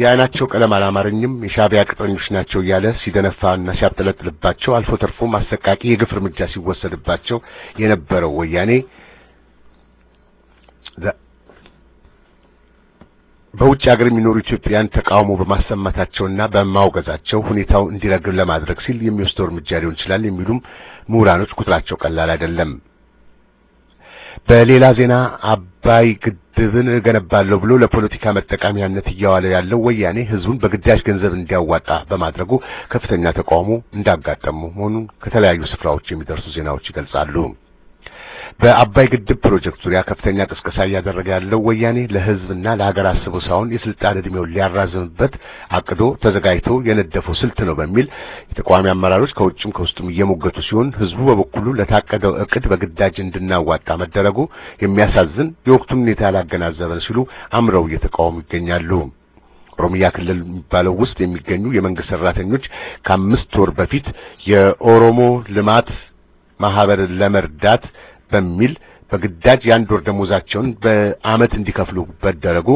የአይናቸው ቀለም አላማረኝም፣ የሻቢያ ቅጥረኞች ናቸው እያለ ሲደነፋና ሲያብጠለጥልባቸው አልፎ ተርፎም አሰቃቂ የግፍ እርምጃ ሲወሰድባቸው የነበረው ወያኔ በውጭ ሀገር የሚኖሩ ኢትዮጵያን ተቃውሞ በማሰማታቸውና በማውገዛቸው ሁኔታው እንዲረግብ ለማድረግ ሲል የሚወስደው እርምጃ ሊሆን ይችላል የሚሉም ምሁራኖች ቁጥራቸው ቀላል አይደለም። በሌላ ዜና አባይ ግድብን እገነባለሁ ብሎ ለፖለቲካ መጠቀሚያነት እያዋለ ያለው ወያኔ ህዝቡን በግዳጅ ገንዘብ እንዲያዋጣ በማድረጉ ከፍተኛ ተቃውሞ እንዳጋጠሙ መሆኑን ከተለያዩ ስፍራዎች የሚደርሱ ዜናዎች ይገልጻሉ። በአባይ ግድብ ፕሮጀክት ዙሪያ ከፍተኛ ቅስቀሳ እያደረገ ያለው ወያኔ ለህዝብና ለሀገር አስቦ ሳይሆን የስልጣን እድሜውን ሊያራዝምበት አቅዶ ተዘጋጅቶ የነደፈው ስልት ነው በሚል የተቃዋሚ አመራሮች ከውጭም ከውስጥም እየሞገቱ ሲሆን ህዝቡ በበኩሉ ለታቀደው እቅድ በግዳጅ እንድናዋጣ መደረጉ የሚያሳዝን የወቅቱን ሁኔታ ያላገናዘበን ሲሉ አምረው እየተቃወሙ ይገኛሉ። ኦሮሚያ ክልል የሚባለው ውስጥ የሚገኙ የመንግስት ሰራተኞች ከአምስት ወር በፊት የኦሮሞ ልማት ማህበር ለመርዳት በሚል በግዳጅ የአንድ ወር ደሞዛቸውን በአመት እንዲከፍሉ በደረጉ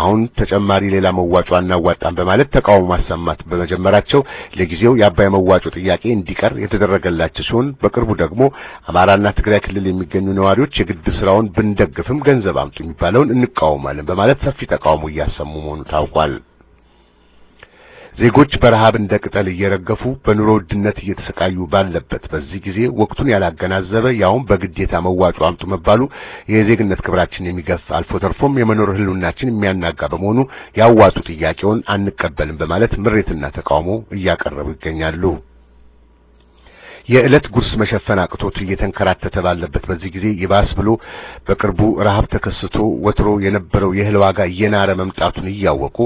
አሁን ተጨማሪ ሌላ መዋጮ አናዋጣም በማለት ተቃውሞ ማሰማት በመጀመራቸው ለጊዜው የአባይ መዋጮ ጥያቄ እንዲቀር የተደረገላቸው ሲሆን በቅርቡ ደግሞ አማራና ትግራይ ክልል የሚገኙ ነዋሪዎች የግድብ ስራውን ብንደግፍም ገንዘብ አምጡ የሚባለውን እንቃወማለን በማለት ሰፊ ተቃውሞ እያሰሙ መሆኑ ታውቋል። ዜጎች በረሃብ እንደ ቅጠል እየረገፉ በኑሮ ውድነት እየተሰቃዩ ባለበት በዚህ ጊዜ ወቅቱን ያላገናዘበ ያውም በግዴታ መዋጮ አምጡ መባሉ የዜግነት ክብራችን የሚገፍ አልፎ ተርፎም የመኖር ህልውናችን የሚያናጋ በመሆኑ ያዋጡ ጥያቄውን አንቀበልም በማለት ምሬትና ተቃውሞ እያቀረቡ ይገኛሉ። የዕለት ጉርስ መሸፈን አቅቶት እየተንከራተተ ባለበት በዚህ ጊዜ ይባስ ብሎ በቅርቡ ረሃብ ተከስቶ ወትሮ የነበረው የእህል ዋጋ እየናረ መምጣቱን እያወቁ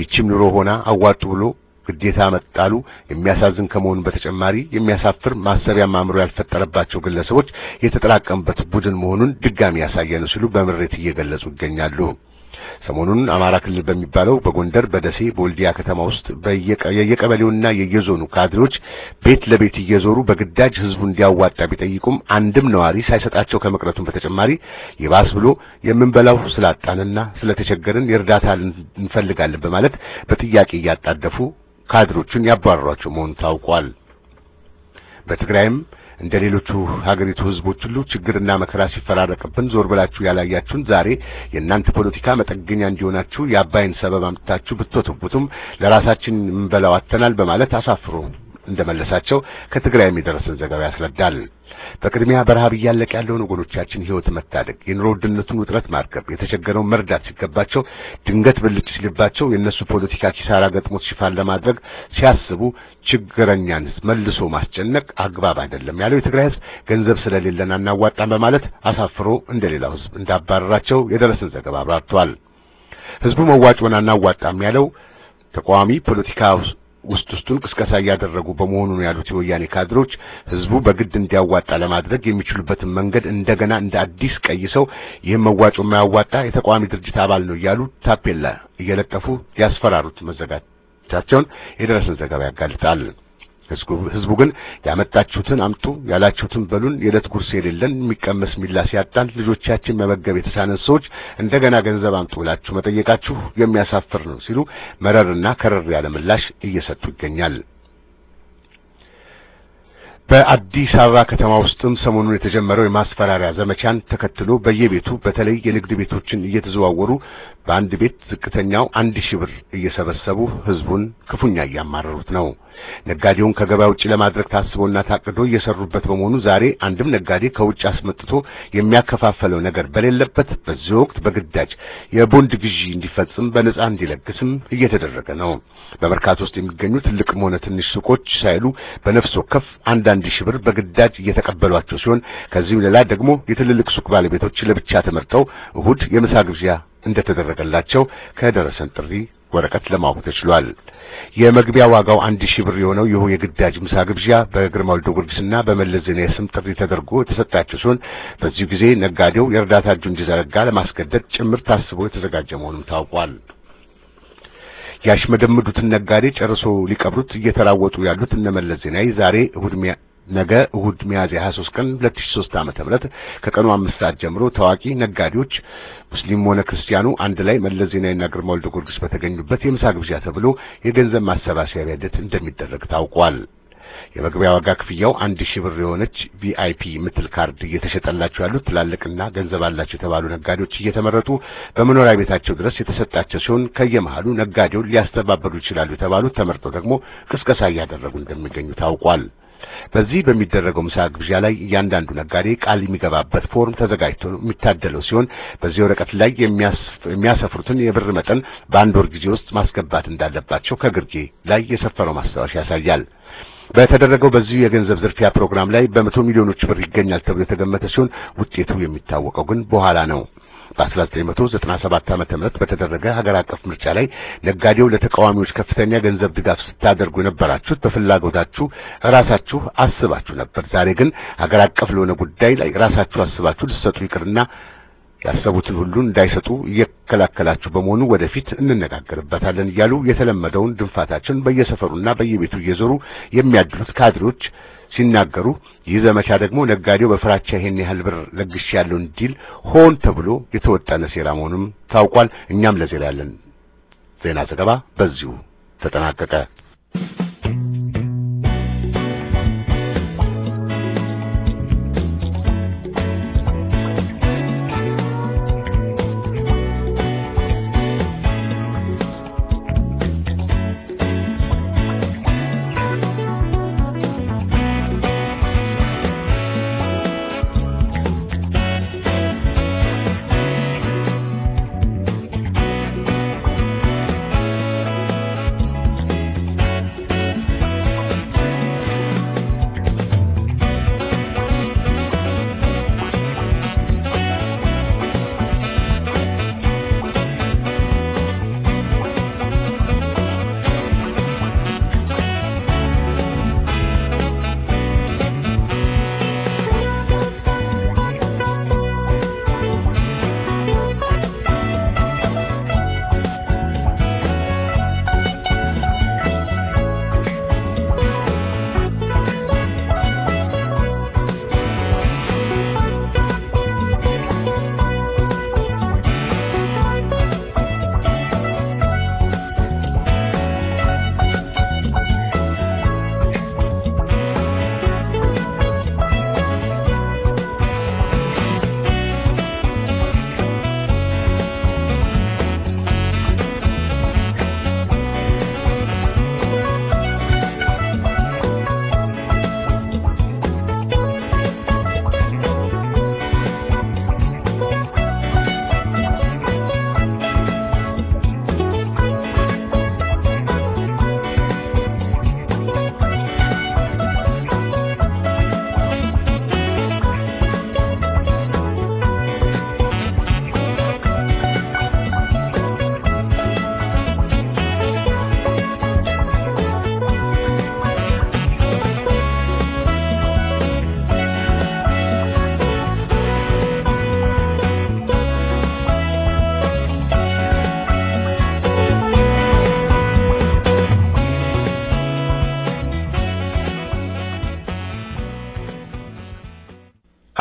ይችም ኑሮ ሆና አዋጡ ብሎ ግዴታ መጣሉ የሚያሳዝን ከመሆኑ በተጨማሪ የሚያሳፍር ማሰቢያ አእምሮ ያልፈጠረባቸው ግለሰቦች የተጠራቀሙበት ቡድን መሆኑን ድጋሚ ያሳየን ሲሉ በምሬት እየገለጹ ይገኛሉ። ሰሞኑን አማራ ክልል በሚባለው በጎንደር፣ በደሴ፣ በወልዲያ ከተማ ውስጥ የየቀበሌውና የየዞኑ ካድሬዎች ቤት ለቤት እየዞሩ በግዳጅ ህዝቡ እንዲያዋጣ ቢጠይቁም አንድም ነዋሪ ሳይሰጣቸው ከመቅረቱም በተጨማሪ የባስ ብሎ የምንበላው ስላጣንና ስለተቸገርን የእርዳታ እንፈልጋለን በማለት በጥያቄ እያጣደፉ ካድሮቹን ያባረሯቸው መሆኑ ታውቋል። በትግራይም እንደ ሌሎቹ ሀገሪቱ ህዝቦች ሁሉ ችግርና መከራ ሲፈራረቅብን ዞር ብላችሁ ያላያችሁን ዛሬ የእናንተ ፖለቲካ መጠገኛ እንዲሆናችሁ የአባይን ሰበብ አምጥታችሁ ብትወተቡትም ለራሳችን እንበላው አተናል በማለት አሳፍሩ። እንደመለሳቸው ከትግራይ የሚደርሰን ዘገባ ያስረዳል። በቅድሚያ በረሃብ እያለቀ ያለውን ወገኖቻችን ህይወት መታደግ፣ የኑሮ ውድነቱን ውጥረት ማርገብ፣ የተቸገረውን መርዳት ሲገባቸው ድንገት ብልጭ ሲልባቸው የእነሱ ፖለቲካ ኪሳራ ገጥሞት ሽፋን ለማድረግ ሲያስቡ ችግረኛን መልሶ ማስጨነቅ አግባብ አይደለም ያለው የትግራይ ህዝብ ገንዘብ ስለሌለን አናዋጣም በማለት አሳፍሮ እንደሌላው ህዝብ እንዳባረራቸው የደረሰን ዘገባ አብራርተዋል። ህዝቡ መዋጮን አናዋጣም ያለው ተቃዋሚ ፖለቲካ ውስጥ ውስጡን ቅስቀሳ እያደረጉ በመሆኑ ነው ያሉት የወያኔ ካድሮች ህዝቡ በግድ እንዲያዋጣ ለማድረግ የሚችሉበትን መንገድ እንደገና እንደ አዲስ ቀይሰው ይህም መዋጮ የማያዋጣ የተቃዋሚ ድርጅት አባል ነው እያሉ ታፔላ እየለጠፉ ያስፈራሩት መዘጋጀታቸውን የደረሰን ዘገባ ያጋልጣል። ህዝቡ ግን ያመጣችሁትን አምጡ፣ ያላችሁትን በሉን፣ የዕለት ጉርስ የሌለን የሚቀመስ ሚላስ ሲያጣን ልጆቻችን መመገብ የተሳነን ሰዎች እንደገና ገንዘብ አምጡ ብላችሁ መጠየቃችሁ የሚያሳፍር ነው ሲሉ መረርና ከረር ያለ ምላሽ እየሰጡ ይገኛል። በአዲስ አበባ ከተማ ውስጥም ሰሞኑን የተጀመረው የማስፈራሪያ ዘመቻን ተከትሎ በየቤቱ በተለይ የንግድ ቤቶችን እየተዘዋወሩ በአንድ ቤት ዝቅተኛው አንድ ሺህ ብር እየሰበሰቡ ህዝቡን ክፉኛ እያማረሩት ነው። ነጋዴውን ከገበያ ውጭ ለማድረግ ታስቦና ታቅዶ እየሰሩበት በመሆኑ ዛሬ አንድም ነጋዴ ከውጭ አስመጥቶ የሚያከፋፈለው ነገር በሌለበት በዚህ ወቅት በግዳጅ የቦንድ ግዢ እንዲፈጽም በነጻ እንዲለግስም እየተደረገ ነው። በመርካቶ ውስጥ የሚገኙ ትልቅም ሆነ ትንሽ ሱቆች ሳይሉ በነፍስ ወከፍ አንድ አንዳንድ ሺህ ብር በግዳጅ እየተቀበሏቸው ሲሆን ከዚህም ሌላ ደግሞ የትልልቅ ሱቅ ባለቤቶች ለብቻ ተመርጠው እሁድ የምሳ ግብዣ እንደተደረገላቸው ከደረሰን ጥሪ ወረቀት ለማወቅ ተችሏል። የመግቢያ ዋጋው አንድ ሺህ ብር የሆነው ይኸው የግዳጅ ምሳ ግብዣ በግርማ ወልደ ጊዮርጊስና በመለስ ዜናዊ ስም ጥሪ ተደርጎ የተሰጣቸው ሲሆን በዚሁ ጊዜ ነጋዴው የእርዳታ እጁን እንዲዘረጋ ለማስገደድ ጭምር ታስቦ የተዘጋጀ መሆኑም ታውቋል። ያሽመደምዱትን ነጋዴ ጨርሶ ሊቀብሩት እየተራወጡ ያሉት እነመለስ ዜናዊ ዛሬ እሁድ ነገ እሁድ ሚያዝያ 23 ቀን 2003 ዓም ከቀኑ አምስት ሰዓት ጀምሮ ታዋቂ ነጋዴዎች ሙስሊም ሆነ ክርስቲያኑ አንድ ላይ መለስ ዜናዊና ግርማ ወልደ ጊዮርጊስ በተገኙበት የምሳ ግብዣ ተብሎ የገንዘብ ማሰባሰቢያ ሂደት እንደሚደረግ ታውቋል። የመግቢያ ዋጋ ክፍያው አንድ ሺህ ብር የሆነች ቪአይፒ ምትል ካርድ እየተሸጠላቸው ያሉት ትላልቅና ገንዘብ አላቸው የተባሉ ነጋዴዎች እየተመረጡ በመኖሪያ ቤታቸው ድረስ የተሰጣቸው ሲሆን ከየመሃሉ ነጋዴውን ሊያስተባበሩ ይችላሉ የተባሉት ተመርጠው ደግሞ ቅስቀሳ እያደረጉ እንደሚገኙ ታውቋል። በዚህ በሚደረገው ምሳ ግብዣ ላይ እያንዳንዱ ነጋዴ ቃል የሚገባበት ፎርም ተዘጋጅቶ የሚታደለው ሲሆን በዚህ ወረቀት ላይ የሚያሰፍሩትን የብር መጠን በአንድ ወር ጊዜ ውስጥ ማስገባት እንዳለባቸው ከግርጌ ላይ የሰፈረው ማስታወሻ ያሳያል። በተደረገው በዚሁ የገንዘብ ዝርፊያ ፕሮግራም ላይ በመቶ ሚሊዮኖች ብር ይገኛል ተብሎ የተገመተ ሲሆን ውጤቱ የሚታወቀው ግን በኋላ ነው። በ1997 ም በተደረገ ሀገር አቀፍ ምርጫ ላይ ነጋዴው ለተቃዋሚዎች ከፍተኛ ገንዘብ ድጋፍ ስታደርጉ የነበራችሁት በፍላጎታችሁ ራሳችሁ አስባችሁ ነበር። ዛሬ ግን ሀገር አቀፍ ለሆነ ጉዳይ ላይ ራሳችሁ አስባችሁ ልትሰጡ ይቅርና ያሰቡትን ሁሉ እንዳይሰጡ እየከላከላችሁ በመሆኑ ወደፊት እንነጋገርበታለን እያሉ የተለመደውን ድንፋታቸውን በየሰፈሩና በየቤቱ እየዞሩ የሚያድሩት ካድሬዎች ሲናገሩ፣ ይህ ዘመቻ ደግሞ ነጋዴው በፍራቻ ይሄን ያህል ብር ለግሽ ያለው እንዲል ሆን ተብሎ የተወጠነ ሴራ መሆኑም ታውቋል። እኛም ለዜና ያለን ዜና ዘገባ በዚሁ ተጠናቀቀ።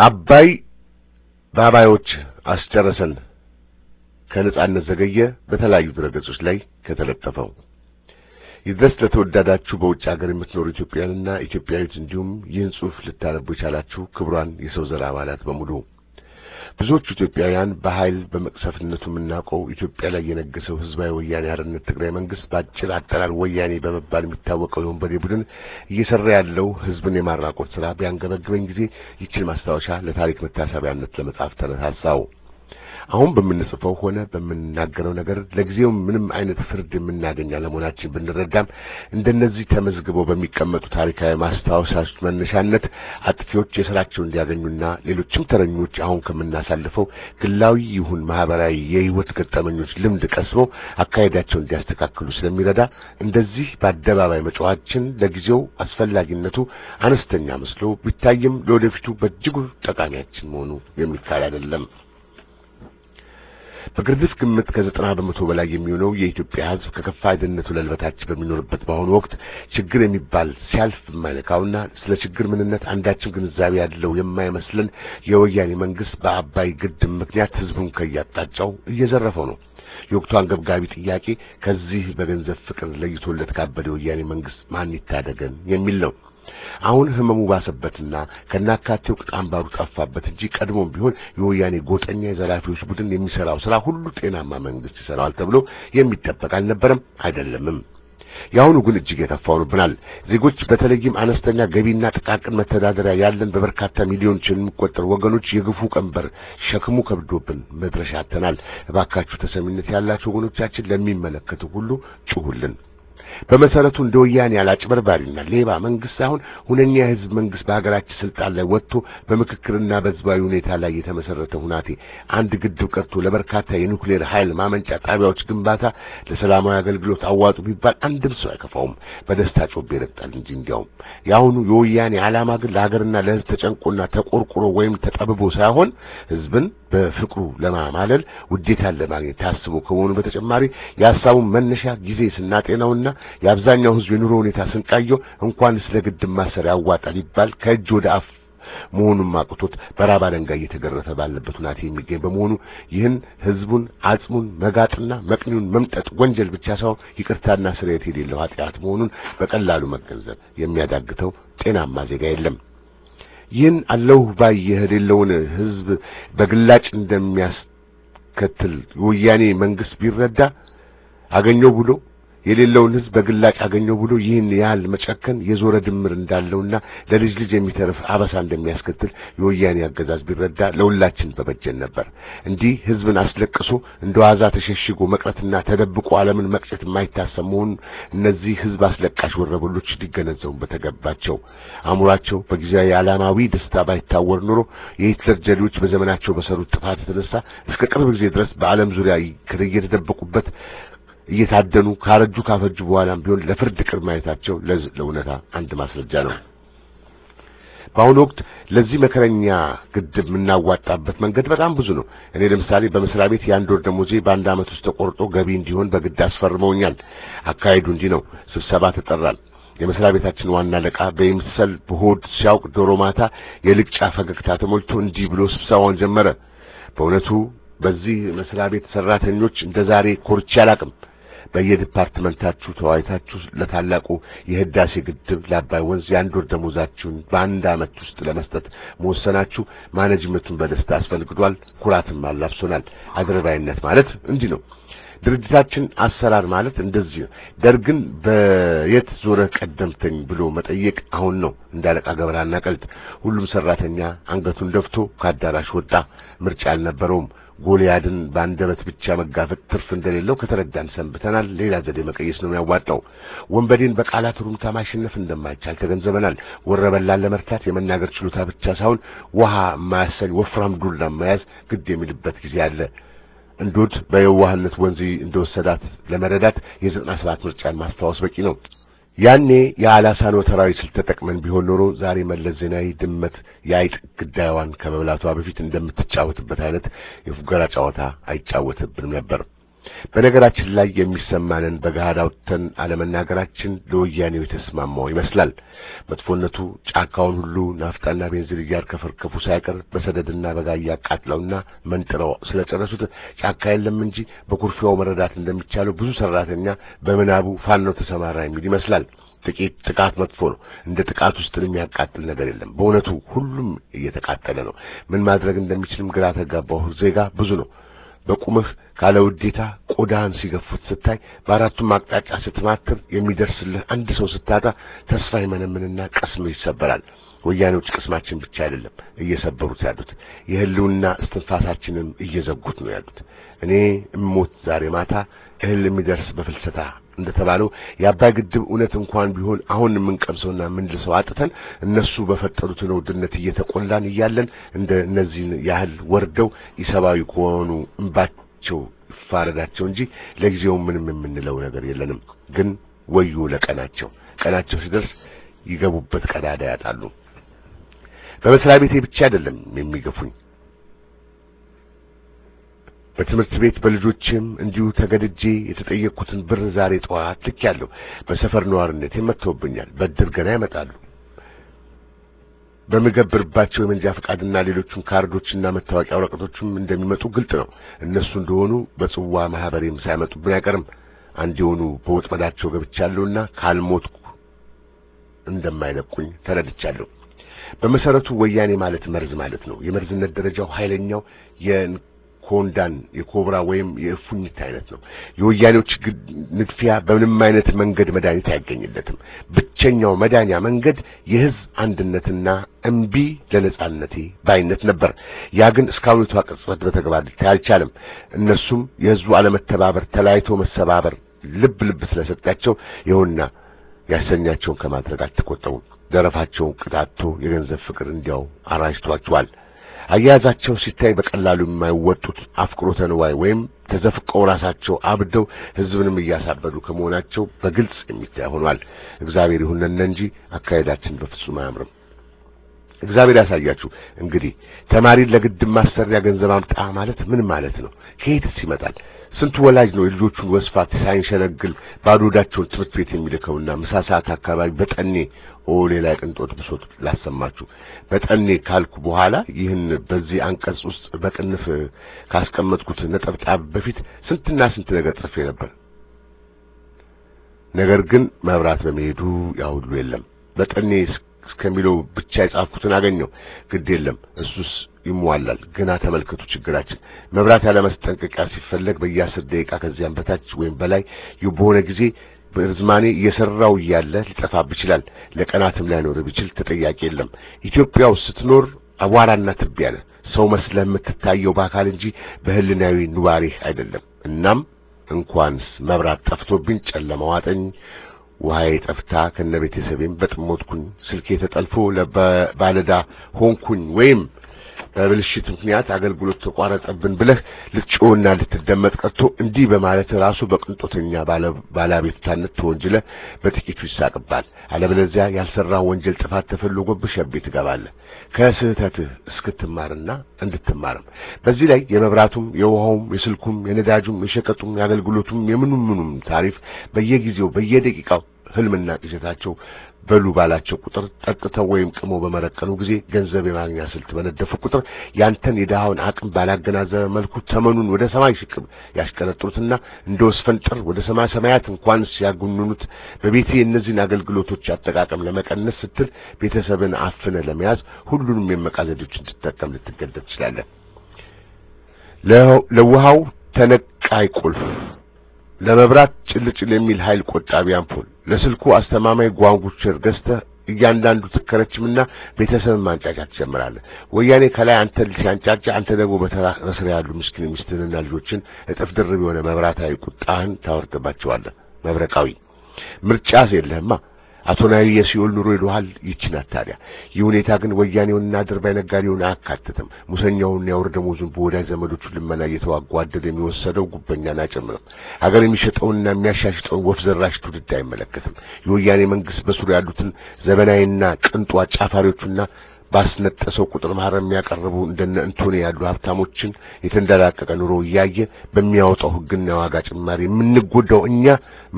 አባይ ባባዮች አስጨረሰን ከነጻነት ዘገየ በተለያዩ ድረገጾች ላይ ከተለጠፈው ይድረስ ለተወዳዳችሁ በውጭ ሀገር የምትኖሩ ኢትዮጵያውያንና ኢትዮጵያዊት እንዲሁም ይህን ጽሑፍ ልታነቡ የቻላችሁ ክቡራን የሰው ዘር አባላት በሙሉ ብዙዎቹ ኢትዮጵያውያን በኃይል በመቅሰፍነቱ የምናውቀው ኢትዮጵያ ላይ የነገሰው ህዝባዊ ወያኔ ሓርነት ትግራይ መንግስት በአጭር አጠራር ወያኔ በመባል የሚታወቀው የወንበዴ ቡድን እየሰራ ያለው ህዝብን የማራቆት ስራ ቢያንገበግበኝ ጊዜ ይችን ማስታወሻ ለታሪክ መታሰቢያነት ለመጻፍ ተነሳሳው። አሁን በምንጽፈው ሆነ በምንናገረው ነገር ለጊዜው ምንም አይነት ፍርድ የምናገኝ አለመሆናችን ብንረዳም እንደነዚህ ተመዝግበው በሚቀመጡ ታሪካዊ ማስታወሻዎች መነሻነት አጥፊዎች የሥራቸውን እንዲያገኙና ሌሎችም ተረኞች አሁን ከምናሳልፈው ግላዊ ይሁን ማህበራዊ የህይወት ገጠመኞች ልምድ ቀስበው አካሄዳቸው እንዲያስተካክሉ ስለሚረዳ እንደዚህ በአደባባይ መጫዋችን ለጊዜው አስፈላጊነቱ አነስተኛ መስሎ ቢታይም ለወደፊቱ በእጅጉ ጠቃሚያችን መሆኑ የሚካድ አይደለም። በግርድፍ ግምት ከዘጠና በመቶ በላይ የሚሆነው የኢትዮጵያ ሕዝብ ከከፋ የድህነት ወለል በታች በሚኖርበት በአሁኑ ወቅት ችግር የሚባል ሲያልፍ የማይነካውና ስለ ችግር ምንነት አንዳችም ግንዛቤ ያለው የማይመስለን የወያኔ መንግስት በአባይ ግድብ ምክንያት ሕዝቡን ከያጣጫው እየዘረፈው ነው። የወቅቱ አንገብጋቢ ጥያቄ ከዚህ በገንዘብ ፍቅር ለይቶለት ካበደ ወያኔ መንግስት ማን ይታደገን የሚል ነው። አሁን ህመሙ ባሰበትና ከናካቴው ቅጣምባሩ ጠፋበት እንጂ ቀድሞም ቢሆን የወያኔ ጎጠኛ የዘራፊዎች ቡድን የሚሰራው ስራ ሁሉ ጤናማ መንግስት ይሰራዋል ተብሎ የሚጠበቅ አልነበረም፣ አይደለምም። የአሁኑ ግን እጅግ የከፋ ሆኖብናል። ዜጎች በተለይም አነስተኛ ገቢና ጥቃቅን መተዳደሪያ ያለን በበርካታ ሚሊዮኖች የሚቆጠሩ ወገኖች የግፉ ቀንበር ሸክሙ ከብዶብን መድረሻ አጥተናል። እባካችሁ ተሰሚነት ያላቸው ወገኖቻችን ለሚመለከቱ ሁሉ ጩሁልን። በመሰረቱ እንደ ወያኔ ያላጭበርባሪና ሌባ መንግስት ሳይሆን ሁነኛ የህዝብ መንግስት በሀገራችን ስልጣን ላይ ወጥቶ በምክክርና በህዝባዊ ሁኔታ ላይ የተመሰረተ ሁናቴ አንድ ግድብ ቀርቶ ለበርካታ የኑክሌር ኃይል ማመንጫ ጣቢያዎች ግንባታ ለሰላማዊ አገልግሎት አዋጡ ቢባል አንድም ሰው አይከፋውም፣ በደስታ ጮቤ ይረግጣል እንጂ። እንዲያውም የአሁኑ የወያኔ ዓላማ ግን ለሀገርና ለህዝብ ተጨንቆና ተቆርቁሮ ወይም ተጠብቦ ሳይሆን ህዝብን በፍቅሩ ለማማለል ውዴታን ለማግኘት ታስቦ ከመሆኑ በተጨማሪ የሀሳቡን መነሻ ጊዜ ስናጤናውና የአብዛኛው ሕዝብ የኑሮ ሁኔታ ስንቃየው እንኳን ስለ ግድብ ማሰር ያዋጣል ይባል ከእጅ ወደ አፍ መሆኑን ማቅቶት በራብ አለንጋ እየተገረፈ ባለበት ሁናቴ የሚገኝ በመሆኑ ይህን ህዝቡን አጽሙን መጋጥና መቅኒውን መምጠጥ ወንጀል ብቻ ሳይሆን ይቅርታና ስርየት የሌለው ኃጢአት መሆኑን በቀላሉ መገንዘብ የሚያዳግተው ጤናማ ዜጋ የለም። ይህን አለሁ ባይ የሌለውን ህዝብ በግላጭ እንደሚያስከትል ወያኔ መንግስት ቢረዳ አገኘው ብሎ የሌለውን ህዝብ በግላጭ አገኘው ብሎ ይህን ያህል መጨከን የዞረ ድምር እንዳለውና ለልጅ ልጅ የሚተርፍ አበሳ እንደሚያስከትል የወያኔ አገዛዝ ቢረዳ ለሁላችን በበጀን ነበር። እንዲህ ህዝብን አስለቅሶ እንደ ዋዛ ተሸሽጎ መቅረትና ተደብቆ ዓለምን መቅጨት የማይታሰብ መሆኑን እነዚህ ህዝብ አስለቃሽ ወረበሎች ሊገነዘቡ በተገባቸው አእምሯቸው በጊዜያዊ የዓላማዊ ደስታ ባይታወር ኑሮ የሂትለር ጀሌዎች በዘመናቸው በሰሩት ጥፋት የተነሳ እስከ ቅርብ ጊዜ ድረስ በዓለም ዙሪያ እየተደበቁበት እየታደኑ ካረጁ ካፈጁ በኋላም ቢሆን ለፍርድ ቅርብ ማየታቸው ለእውነታ አንድ ማስረጃ ነው። በአሁኑ ወቅት ለዚህ መከረኛ ግድብ የምናዋጣበት መንገድ በጣም ብዙ ነው። እኔ ለምሳሌ በመስሪያ ቤት የአንድ ወር ደሞዜ በአንድ ዓመት ውስጥ ተቆርጦ ገቢ እንዲሆን በግድ አስፈርመውኛል። አካሄዱ እንዲህ ነው። ስብሰባ ተጠራል። የመስሪያ ቤታችን ዋና አለቃ በይምሰል በሆድ ሲያውቅ ዶሮ ማታ የልቅጫ ፈገግታ ተሞልቶ እንዲህ ብሎ ስብሰባውን ጀመረ። በእውነቱ በዚህ መስሪያ ቤት ሰራተኞች እንደ ዛሬ ኮርቼ አላቅም። በየዲፓርትመንታችሁ ተወያይታችሁ ለታላቁ የህዳሴ ግድብ ለአባይ ወንዝ የአንድ ወር ደሞዛችሁን በአንድ ዓመት ውስጥ ለመስጠት መወሰናችሁ ማኔጅመንቱን በደስታ አስፈልግዷል፣ ኩራትም አላብሶናል። አድርባይነት ማለት እንዲህ ነው። ድርጅታችን አሰራር ማለት እንደዚህ ነው። ደርግን በየት ዞረ ቀደምተኝ ብሎ መጠየቅ አሁን ነው እንዳለቃ ገብረሃና ቀልጥ። ሁሉም ሰራተኛ አንገቱን ደፍቶ ከአዳራሽ ወጣ። ምርጫ አልነበረውም። ጎልያድን በአንደበት ብቻ መጋፈጥ ትርፍ እንደሌለው ከተረዳን ሰንብተናል። ሌላ ዘዴ መቀየስ ነው የሚያዋጣው። ወንበዴን በቃላት ሩምታ ማሸነፍ እንደማይቻል ተገንዘበናል። ወረበላን ለመርታት የመናገር ችሎታ ብቻ ሳይሆን ውሃ ማሰል ወፍራም ዱላ መያዝ ግድ የሚልበት ጊዜ አለ። እንዶድ በየዋህነት ወንዚ እንደወሰዳት ለመረዳት የዘጠና ሰባት ምርጫን ማስታወስ በቂ ነው። ያኔ የአላሳን ወተራዊ ስልት ተጠቅመን ቢሆን ኖሮ ዛሬ መለስ ዜናዊ ድመት የአይጥ ግዳዋን ከመብላቷ በፊት እንደምትጫወትበት አይነት የፉገራ ጨዋታ አይጫወትብንም ነበር። በነገራችን ላይ የሚሰማንን በገሃድ አውጥተን አለመናገራችን ለወያኔው የተስማማው ይመስላል። መጥፎነቱ ጫካውን ሁሉ ናፍጣና ቤንዚን እያርከፈከፉ ሳይቀር በሰደድና በጋያ አቃጥለውና መንጥረው ስለጨረሱት ጫካ የለም እንጂ በኩርፊያው መረዳት እንደሚቻለው ብዙ ሰራተኛ በምናቡ ፋኖ ተሰማራ የሚል ይመስላል። ጥቂት ጥቃት መጥፎ ነው። እንደ ጥቃት ውስጥ የሚያቃጥል ነገር የለም። በእውነቱ ሁሉም እየተቃጠለ ነው። ምን ማድረግ እንደሚችልም ግራ ተጋባው ዜጋ ብዙ ነው። በቁምህ ካለ ውዴታ ቆዳህን ሲገፉት ስታይ በአራቱም አቅጣጫ ስትማትብ የሚደርስልህ አንድ ሰው ስታጣ ተስፋ ይመነምንና ቅስም ይሰበራል። ወያኔዎች ቅስማችን ብቻ አይደለም እየሰበሩት ያሉት የህልውና እስትንፋሳችንም እየዘጉት ነው ያሉት። እኔ እሞት ዛሬ ማታ እህል የሚደርስ በፍልሰታ እንደተባለው የአባይ ግድብ እውነት እንኳን ቢሆን አሁን የምንቀምሰውና የምንልሰው አጥተን እነሱ በፈጠሩት ውድነት እየተቆላን እያለን እንደ እነዚህን ያህል ወርደው ኢሰብአዊ ከሆኑ እንባቸው ይፋረዳቸው እንጂ ለጊዜው ምንም የምንለው ነገር የለንም። ግን ወዮ ለቀናቸው ቀናቸው ሲደርስ ይገቡበት ቀዳዳ ያጣሉ። በመስሪያ ቤቴ ብቻ አይደለም የሚገፉኝ በትምህርት ቤት በልጆችም እንዲሁ ተገድጄ የተጠየቅኩትን ብር ዛሬ ጠዋት ልኬያለሁ። በሰፈር ነዋርነት መጥተውብኛል። በድር ገና ይመጣሉ። በምገብርባቸው የመንጃ ፈቃድና ሌሎቹን ካርዶችና መታወቂያ ወረቀቶችም እንደሚመጡ ግልጥ ነው። እነሱ እንደሆኑ በጽዋ ማህበሬም ሳይመጡብን አይቀርም። አንድ የሆኑ በወጥመዳቸው ገብቻለሁና ካልሞትኩ እንደማይለቁኝ ተረድቻለሁ። በመሰረቱ ወያኔ ማለት መርዝ ማለት ነው። የመርዝነት ደረጃው ኃይለኛው ኮንዳን የኮብራ ወይም የእፉኝት አይነት ነው። የወያኔው ችግር ንድፊያ በምንም አይነት መንገድ መድኃኒት አይገኝለትም። ብቸኛው መዳኛ መንገድ የህዝብ አንድነትና እምቢ ለነጻነቴ ባይነት ነበር። ያ ግን እስካሁን ቅጽበት በተግባር ሊታይ አልቻለም። እነሱም የህዝቡ አለመተባበር፣ ተለያይቶ መሰባበር ልብ ልብ ስለሰጣቸው ይኸውና ያሰኛቸውን ከማድረግ አልተቆጠቡም። ዘረፋቸውን ቅጣቶ የገንዘብ ፍቅር እንዲያው አራጅቷቸዋል። አያያዛቸው ሲታይ በቀላሉ የማይወጡት አፍቅሮተ ንዋይ ወይም ተዘፍቀው ራሳቸው አብደው ህዝብንም እያሳበዱ ከመሆናቸው በግልጽ የሚታይ ሆኗል። እግዚአብሔር ይሁንና እንጂ አካሄዳችን በፍጹም አያምርም። እግዚአብሔር ያሳያችሁ። እንግዲህ ተማሪን ለግድብ ማሰሪያ ገንዘብ አምጣ ማለት ምን ማለት ነው? ከየትስ ይመጣል? ስንት ወላጅ ነው የልጆቹን ወስፋት ሳይንሸነግል ባዶ ትምህርት ቤት የሚልከውና ምሳ ሰዓት አካባቢ በጠኔ ኦ ሌላ የቅንጦት ብሶት ላሰማችሁ። በጠኔ ካልኩ በኋላ ይህን በዚህ አንቀጽ ውስጥ በቅንፍ ካስቀመጥኩት ነጠብጣብ በፊት ስንትና ስንት ነገር ጽፌ ነበር። ነገር ግን መብራት በመሄዱ ያው ሁሉ የለም። በጠኔ እስከሚለው ብቻ የጻፍኩትን አገኘው። ግድ የለም እሱስ ይሟላል። ግና ተመልከቱ ችግራችን መብራት ያለማስጠንቀቂያ ሲፈለግ በየአስር ደቂቃ ከዚያም በታች ወይም በላይ በሆነ ጊዜ በርዝማኔ እየሰራው እያለ ሊጠፋብ ይችላል። ለቀናትም ላይኖር ቢችል ተጠያቂ የለም። ኢትዮጵያ ውስጥ ስትኖር አቧራና ትቢያ ነህ። ሰው መስለህ የምትታየው በአካል እንጂ በህልናዊ ኑባሬህ አይደለም። እናም እንኳንስ መብራት ጠፍቶብኝ ጨለማ ዋጠኝ፣ ውሃዬ ጠፍታ ከነ ቤተሰቤም በጥሞትኩኝ፣ ስልኬ ተጠልፎ ለባለዳ ሆንኩኝ ወይም በብልሽት ምክንያት አገልግሎት ተቋረጠብን ብለህ ልትጮህና ልትደመጥ ቀጥቶ እንዲህ በማለት ራሱ በቅንጦተኛ ባለቤትታነት ተወንጅለ በጥቂቱ ይሳቅባል። አለበለዚያ ያልሰራህ ወንጀል ጥፋት ተፈልጎብህ ሸቤ ትገባለህ ከስህተትህ እስክትማርና እንድትማርም። በዚህ ላይ የመብራቱም፣ የውሃውም፣ የስልኩም፣ የነዳጁም፣ የሸቀጡም፣ የአገልግሎቱም የምኑም ታሪፍ በየጊዜው በየደቂቃው ህልምና ቅዠታቸው በሉ ባላቸው ቁጥር ጠጥተው ወይም ቅመው በመረቀኑ ጊዜ ገንዘብ የማግኛ ስልት በነደፉ ቁጥር ያንተን የድሃውን አቅም ባላገናዘበ መልኩ ተመኑን ወደ ሰማይ ሲቅብ ያሽቀነጥሩትና እንደ ወስፈንጠር ወደ ሰማይ ሰማያት እንኳን ሲያጉንኑት በቤቴ የእነዚህን አገልግሎቶች አጠቃቀም ለመቀነስ ስትል ቤተሰብን አፍነ ለመያዝ ሁሉንም የመቃዘዶች እንድትጠቀም ልትገደድ ትችላለን። ለውሃው ተነቃይ ቁልፍ ለመብራት ጭልጭል የሚል ኃይል ቆጣቢ አምፖል፣ ለስልኩ አስተማማኝ ጓንጉቸር ገዝተህ እያንዳንዱ ትከረችምና ቤተሰብ ማንጫጫት ትጀምራለህ። ወያኔ ከላይ አንተ ሲያንጫጫ፣ አንተ ደግሞ በተራ ስር ያሉ ምስኪን ሚስትህንና ልጆችን እጥፍ ድርብ የሆነ መብራታዊ ቁጣህን ታወርድባቸዋለህ። መብረቃዊ ምርጫስ የለህማ። አቶ ናዩ የሲኦል ኑሮ ይሉሃል። ይቺ ናት ታዲያ። ይህ ሁኔታ ግን ወያኔውንና አድርባይ ነጋዴውን አያካትትም። ሙሰኛውን ያወር ደመወዙን በወዳጅ ዘመዶቹ ልመና እየተዋጉ አደል የሚወሰደው ጉበኛን አይጨምርም። ሀገር የሚሸጠውንና የሚያሻሽጠውን ወፍ ዘራሽ ትውልድ አይመለከትም። የወያኔ መንግስት በስሩ ያሉትን ዘበናዊና ቅንጡ አጫፋሪዎቹና ባስነጠሰው ቁጥር ማህረም የሚያቀርቡ እንደነ እንቶኒ ያሉ ሀብታሞችን የተንደላቀቀ ኑሮ እያየ በሚያወጣው ህግና ዋጋ ጭማሪ የምንጎዳው እኛ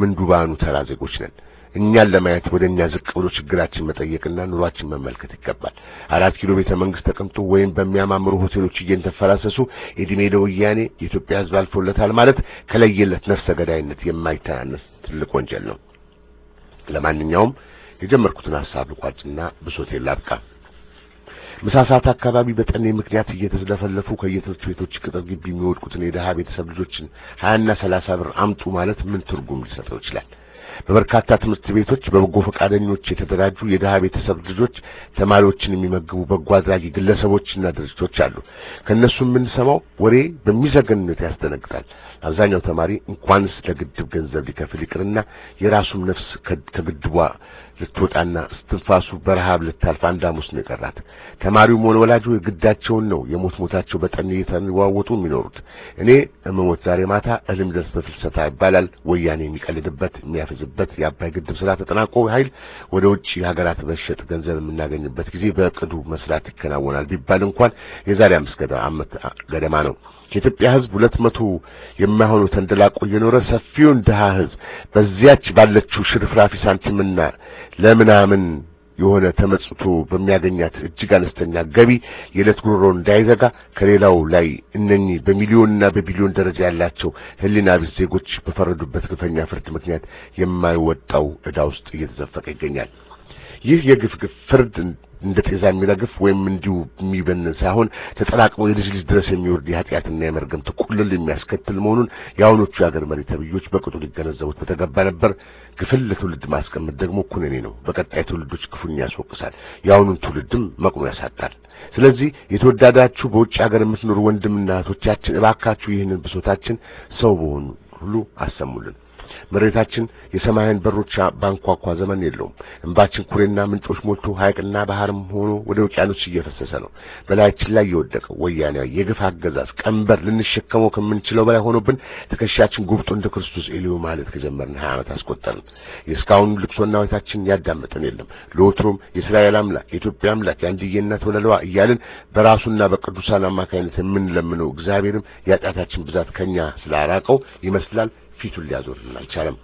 ምንዱባኑ ተራ ዜጎች ነን። እኛን ለማየት ወደ እኛ ዝቅ ብሎ ችግራችን መጠየቅና ኑሯችን መመልከት ይገባል። አራት ኪሎ ቤተ መንግስት ተቀምጦ ወይም በሚያማምሩ ሆቴሎች እየተፈራሰሱ የዕድሜ ለወያኔ የኢትዮጵያ ህዝብ አልፎለታል ማለት ከለየለት ነፍሰ ገዳይነት የማይተናነስ ትልቅ ወንጀል ነው። ለማንኛውም የጀመርኩትን ሐሳብ ልቋጭና ብሶቴ ላብቃ። ምሳ ሰዓት አካባቢ በጠኔ ምክንያት እየተዝለፈለፉ ከየትምህርት ቤቶች ቅጥር ግቢ የሚወድቁትን የድሃ ቤተሰብ ልጆችን ሀያና ሰላሳ ብር አምጡ ማለት ምን ትርጉም ሊሰጠው ይችላል? በበርካታ ትምህርት ቤቶች በበጎ ፈቃደኞች የተደራጁ የድሃ ቤተሰብ ልጆች ተማሪዎችን የሚመግቡ በጎ አድራጊ ግለሰቦችና ድርጅቶች አሉ። ከእነሱ የምንሰማው ወሬ በሚዘገን ሁኔታ ያስደነግጣል። አብዛኛው ተማሪ እንኳንስ ለግድብ ገንዘብ ሊከፍል ይቅርና የራሱም ነፍስ ከግድቧ ልትወጣና ስትንፋሱ በረሃብ ልታልፍ አንድ ሐሙስ ነው የቀራት። ተማሪውም ሆነ ወላጁ የግዳቸውን ነው የሞት ሞታቸው በጠን እየተዋወጡ የሚኖሩት። እኔ እመሞት ዛሬ ማታ እልም ደርስ በፍልሰታ ይባላል። ወያኔ የሚቀልድበት የሚያፈዝበት የአባይ ግድብ ስራ ተጠናቆ ኃይል ወደ ውጭ ሀገራት በሸጥ ገንዘብ የምናገኝበት ጊዜ በእቅዱ መስራት ይከናወናል ቢባል እንኳን የዛሬ አምስት ገደማ ነው። የኢትዮጵያ ህዝብ ሁለት መቶ የማይሆኑ ተንደላቆ የኖረ ሰፊውን ድሃ ህዝብ በዚያች ባለችው ሽርፍራፊ ሳንቲምና ለምናምን የሆነ ተመጽቶ በሚያገኛት እጅግ አነስተኛ ገቢ የዕለት ጉሮሮ እንዳይዘጋ ከሌላው ላይ እነኚህ በሚሊዮንና በቢሊዮን ደረጃ ያላቸው ህሊና ቢስ ዜጎች በፈረዱበት ግፈኛ ፍርድ ምክንያት የማይወጣው ዕዳ ውስጥ እየተዘፈቀ ይገኛል። ይህ የግፍግፍ ፍርድ እንደ ጤዛ የሚለግፍ ወይም እንዲሁ የሚበን ሳይሆን ተጠላቅሞ የልጅ ልጅ ድረስ የሚወርድ የኃጢአትና የመርገም ጥቁልል የሚያስከትል መሆኑን የአሁኖቹ የአገር መሪ ተብዮች በቅጡ ሊገነዘቡት በተገባ ነበር። ግፍን ለትውልድ ማስቀመጥ ደግሞ ኩነኔ ነው። በቀጣይ ትውልዶች ክፉን ያስወቅሳል፣ የአሁኑን ትውልድም መቅኖ ያሳጣል። ስለዚህ የተወዳዳችሁ በውጭ ሀገር የምትኖሩ ወንድምና እህቶቻችን እባካችሁ ይህንን ብሶታችን ሰው በሆኑ ሁሉ አሰሙልን። መሬታችን የሰማይን በሮች ባንኳኳ ዘመን የለውም። እንባችን ኩሬና ምንጮች ሞልቶ ሐይቅና ባህርም ሆኖ ወደ ውቅያኖስ እየፈሰሰ ነው። በላያችን ላይ የወደቀው ወያኔ የግፍ አገዛዝ ቀንበር ልንሸከመው ከምንችለው በላይ ሆኖብን ትከሻችን ጉብጦ እንደ ክርስቶስ ኤልዮ ማለት ከጀመርን ሀያ ዓመት አስቆጠርን። የእስካሁን ልቅሶና ወይታችን ያዳመጠን የለም። ለወትሮም የእስራኤል አምላክ የኢትዮጵያ አምላክ የአንድዬ እናት እያልን በራሱና በቅዱሳን አማካይነት የምንለምነው እግዚአብሔርም የኃጢአታችን ብዛት ከኛ ስላራቀው ይመስላል ፊቱን ሊያዞርልን አልቻለም።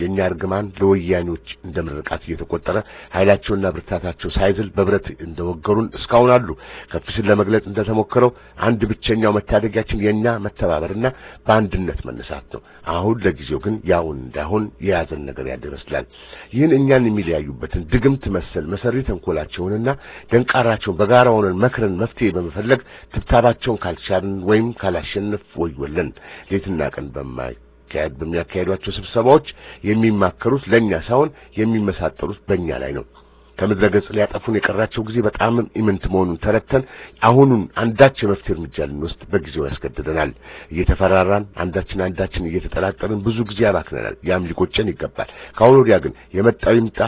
የእኛ እርግማን ለወያኔዎች እንደ ምርቃት እየተቆጠረ ኃይላቸውና ብርታታቸው ሳይዝል በብረት እንደወገሩን እስካሁን አሉ። ከፍ ሲል ለመግለጽ እንደተሞከረው አንድ ብቸኛው መታደጊያችን የእኛ መተባበርና በአንድነት መነሳት ነው። አሁን ለጊዜው ግን ያውን እንዳይሆን የያዘን ነገር ያለ ይመስላል። ይህን እኛን የሚለያዩበትን ድግምት መሰል መሰሪ ተንኮላቸውንና ደንቃራቸውን በጋራ ሆነን መክረን መፍትሄ በመፈለግ ትብታባቸውን ካልቻልን ወይም ካላሸነፍ ወዮለን ሌትና ቀን በማይ በሚካሄድ በሚያካሄዷቸው ስብሰባዎች የሚማከሩት ለኛ ሳይሆን የሚመሳጠሩት በእኛ ላይ ነው። ከምድረ ገጽ ሊያጠፉን የቀራቸው ጊዜ በጣም ኢምንት መሆኑን ተረድተን አሁኑን አንዳች የመፍትሄ እርምጃ ልንወስድ በጊዜው ያስገድደናል። እየተፈራራን አንዳችን አንዳችን እየተጠላጠርን ብዙ ጊዜ አባክነናል። ያም ሊቆጨን ይገባል። ከአሁኑ ወዲያ ግን የመጣው ይምጣ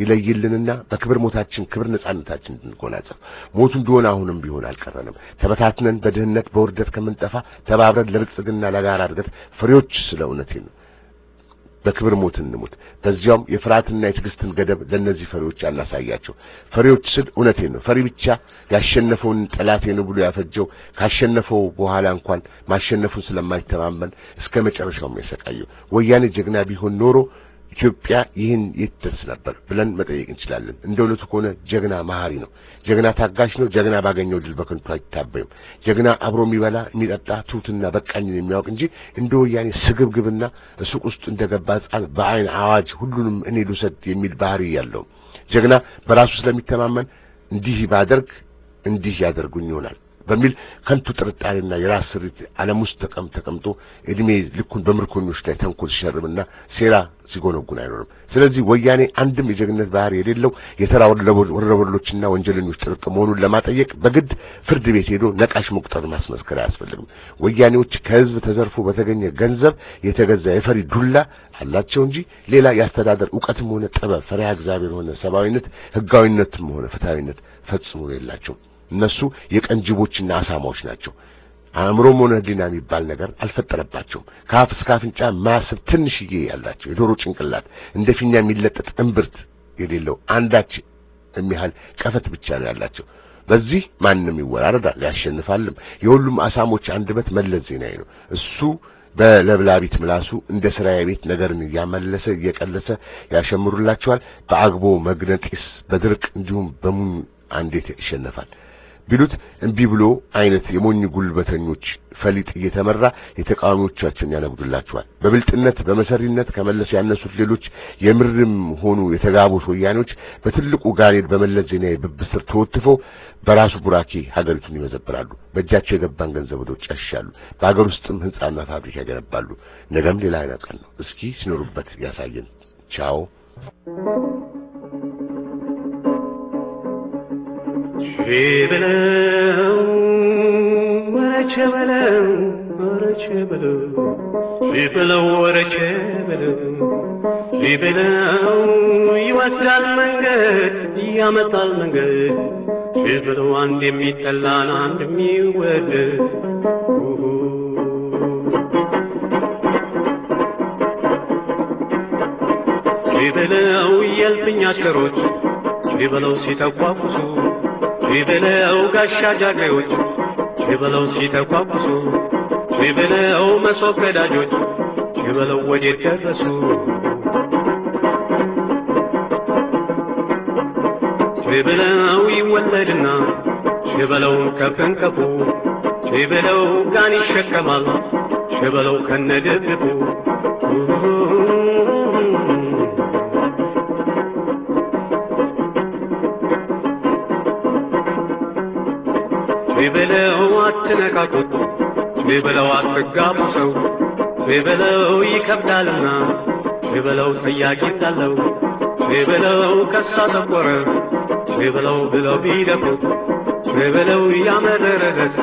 ይለይልንና በክብር ሞታችን ክብር ነጻነታችን እንድንጎናጸፍ ሞቱ ቢሆን አሁንም ቢሆን አልቀረንም። ተበታትነን በድህነት በውርደት ከምንጠፋ ተባብረን ለብልጽግና ለጋራ እድገት ፍሬዎች ስለ እውነቴ ነው። በክብር ሞት እንሙት። በዚያውም የፍርሃትና የትዕግስትን ገደብ ለእነዚህ ፈሪዎች አናሳያቸው። ፈሪዎች ስል እውነቴን ነው። ፈሪ ብቻ ያሸነፈውን ጠላቴ ነው ብሎ ያፈጀው ካሸነፈው በኋላ እንኳን ማሸነፉን ስለማይተማመን እስከ መጨረሻው የሚያሰቃየው ወያኔ ጀግና ቢሆን ኖሮ ኢትዮጵያ ይህን የት ደርስ ነበር ብለን መጠየቅ እንችላለን። እንደ እውነቱ ከሆነ ጀግና መሀሪ ነው። ጀግና ታጋሽ ነው። ጀግና ባገኘው ድል በከንቱ አይታበይም። ጀግና አብሮ የሚበላ የሚጠጣ ትሁትና በቃኝን የሚያውቅ እንጂ እንደ ወያኔ ስግብግብና ሱቅ ውስጥ እንደገባ ሕፃን በአይን አዋጅ ሁሉንም እኔ ልውሰድ የሚል ባህሪ ያለው ጀግና በራሱ ስለሚተማመን እንዲህ ባደርግ እንዲህ ያደርጉኝ ይሆናል በሚል ከንቱ ጥርጣሬና የራስ ስሪት ዓለም ውስጥ ተቀም ተቀምጦ እድሜ ልኩን በምርኮኞች ላይ ተንኮል ሲሸርምና ሴራ ሲጎነጉን አይኖርም። ስለዚህ ወያኔ አንድም የጀግነት ባህሪ የሌለው የተራ ወረበሎችና ወንጀለኞች ጥርቅም መሆኑን ለማጠየቅ በግድ ፍርድ ቤት ሄዶ ነቃሽ መቁጠር ማስመስከር አያስፈልግም። ወያኔዎች ከህዝብ ተዘርፎ በተገኘ ገንዘብ የተገዛ የፈሪ ዱላ አላቸው እንጂ ሌላ የአስተዳደር እውቀትም ሆነ ጥበብ፣ ፈሪሃ እግዚአብሔር ሆነ ሰብአዊነት፣ ህጋዊነትም ሆነ ፍትሐዊነት ፈጽሞ የላቸውም። እነሱ የቀን ጅቦችና አሳማዎች ናቸው። አእምሮም ሆነ የሚባል ነገር አልፈጠረባቸውም። ከአፍ እስከ አፍንጫ ማያስብ ትንሽዬ ያላቸው የዶሮ ጭንቅላት እንደ ፊኛ የሚለጠጥ እምብርት የሌለው አንዳች የሚያህል ቀፈት ብቻ ነው ያላቸው። በዚህ ማንም ይወራረዳል ያሸንፋልም። የሁሉም አሳሞች አንደበት መለስ ዜናዊ ነው። እሱ በለብላቢት ምላሱ እንደ ስራዬ ቤት ነገርን እያመለሰ እየቀለሰ ያሸምሩላቸዋል። በአግቦ መግነጢስ በድርቅ እንዲሁም በሙን አንዴት ይሸነፋል። ቢሉት እምቢ ብሎ አይነት የሞኝ ጉልበተኞች ፈሊጥ እየተመራ የተቃዋሚዎቻችን ያነጉድላቸዋል። በብልጥነት በመሰሪነት ከመለስ ያነሱት ሌሎች የምርም ሆኑ የተጋቡት ወያኔዎች በትልቁ ጋሌድ በመለስ ዜናዊ ብብስር ተወትፈው በራሱ ቡራኬ ሀገሪቱን ይመዘብራሉ። በእጃቸው የገባን ገንዘብ ወደ ውጭ ያሻሉ። በሀገር ውስጥም ህንጻና ፋብሪካ ያገነባሉ። ነገም ሌላ አይነት ቀን ነው። እስኪ ሲኖሩበት ያሳየን። ቻው በለው ወረቸ በለው ወረቸ በለው ሊበለው ወረቸ በለው ሊበለው ይወስዳል መንገድ ያመጣል መንገድ ሊበለው አንድ የሚጠላን አንድ የሚወደድ ሊበለው እያልፍኝ አሽከሮች ሊበለው ሲተቋቁሱ ይበለው ጋሻ ጃግሬዎች ይበለው ሲተኳኩሱ ይበለው መሶብ ቀዳጆች ይበለው ወዴት ደረሱ ይበለው ይወለድና ይበለው ከፍንቀፉ ይበለው ጋን ይሸከማል ይበለው ከነደብቁ አትነቃቆጡ እድሜ በለው አትጋቡ ሰው እድሜ ይከብዳልና እድሜ ጥያቂ ጥያቄ እንዳለው በለው ከሳ ተቆረ እድሜ በለው ብለው ቢደፉት እድሜ በለው እያመረረለት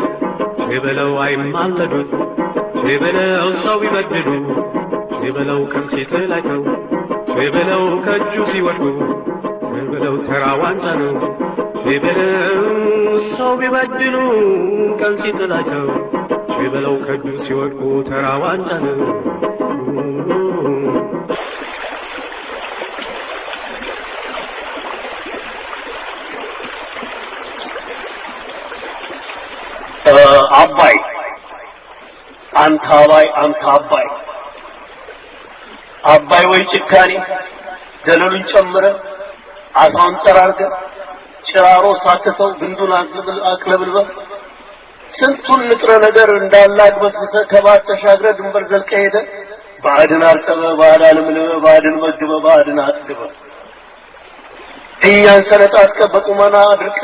እድሜ በለው አይማለዱት በለው ሰው ይበድሉ እድሜ በለው ከምሴት ላይተው በለው ከእጁ ሲወዱ እድሜ ተራ ዋንጫ ነው እድሜ ሰው ቢበድሉ ቀን ሲጥላቸው ጭ ብለው ሲወድቁ ተራ ዋንጫ አባይ አንተ አባይ አንተ አባይ አባይ ወይ ጭካኔ ደለሉን ጨምረ አሳውን ጠራርገ ጭራሮስ አክሰው ግንዱን አክለብልበ ስንቱን ንጥረ ነገር እንዳለ አግበስብሰህ ከባህር ተሻግረ ድንበር ዘልቀህ ሄደህ ባዕድን አርጥበህ ባዕድን አልምልበህ ባዕድን መግበህ ባዕድን አጥግበህ እኛን ሰነጣጥቀህ በቁመና አድርቀ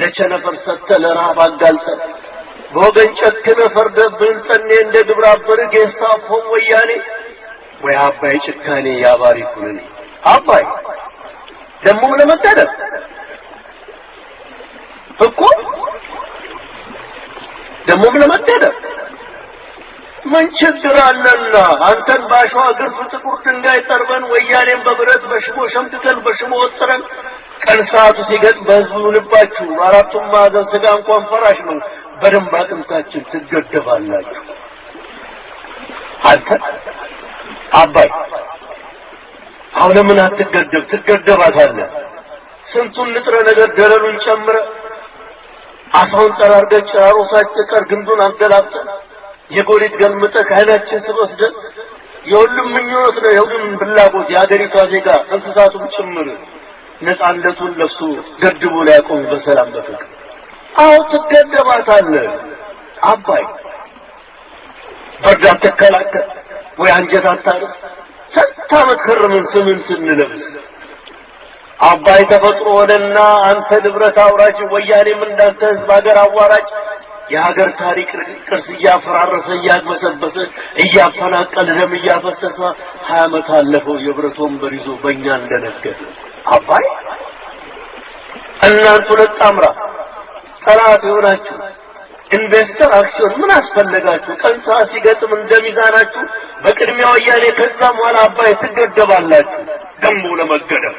ለቸነፈር ሰጥተህ ለረሃብ አጋልጠ በወገን ጨክነህ ፈርደብህን ጸኔ እንደ ግብረ ጌስታ ፎም ወያኔ ወይ አባይ ጭካኔ ያባሪ ኩነኔ አባይ ደግሞ ምን እኮ ደግሞ ለመደደ ምን ችግር አለና አንተን በአሸዋ ግርፍ ጥቁር ድንጋይ ጠርበን ወያኔን በብረት በሽቦ ሸምትተን በሽቦ ወጥረን ቀን ሰዓቱ ሲገጥ በህዝቡ ልባችሁ አራቱም ማዕዘን ስጋ እንኳን ፈራሽ ነው። በደንብ አጥንታችን ትገደባላችሁ። አንተ አባይ አሁን ምን አትገደብ? ትገደባታለህ። ስንቱን ንጥረ ነገር ደረሉን ጨምረ አሳውን ጠራርገህ ጭራሮሳች ቀር ግንዱን አንገላብጠን የጎሪት ገልምጠህ ከአይናችን ስር ወስደን የሁሉም ምኞት ነው፣ የሁሉም ፍላጎት የአገሪቷ ዜጋ እንስሳቱም ጭምር ነፃነቱን ለሱ ገድቦ ሊያቆም በሰላም በፍቅር አዎ ትገደባታለ አባይ በርድ ትከላከል ወይ አንጀት አታርስ። ስንት ዓመት ምን ስምን ስንለብስ አባይ ተፈጥሮ ሆነና አንተ ንብረት አውራጅ ወያኔም እንዳንተ ህዝብ ሀገር አዋራጅ የሀገር ታሪክ ቅርስ እያፈራረሰ እያግበሰበሰ እያፈናቀል ደም እያፈሰሰ ሀያ ዓመት አለፈው። የብረት ወንበር ይዞ በእኛ እንደነገደ አባይ እናንተ ሁለት ጣምራ ጠላት የሆናችሁ ኢንቨስተር አክሲዮን ምን አስፈለጋችሁ? ቀን ሰዓት ሲገጥም እንደሚዛናችሁ በቅድሚያ ወያኔ ከዛም በኋላ አባይ ትገደባላችሁ። ደሞ ለመገደብ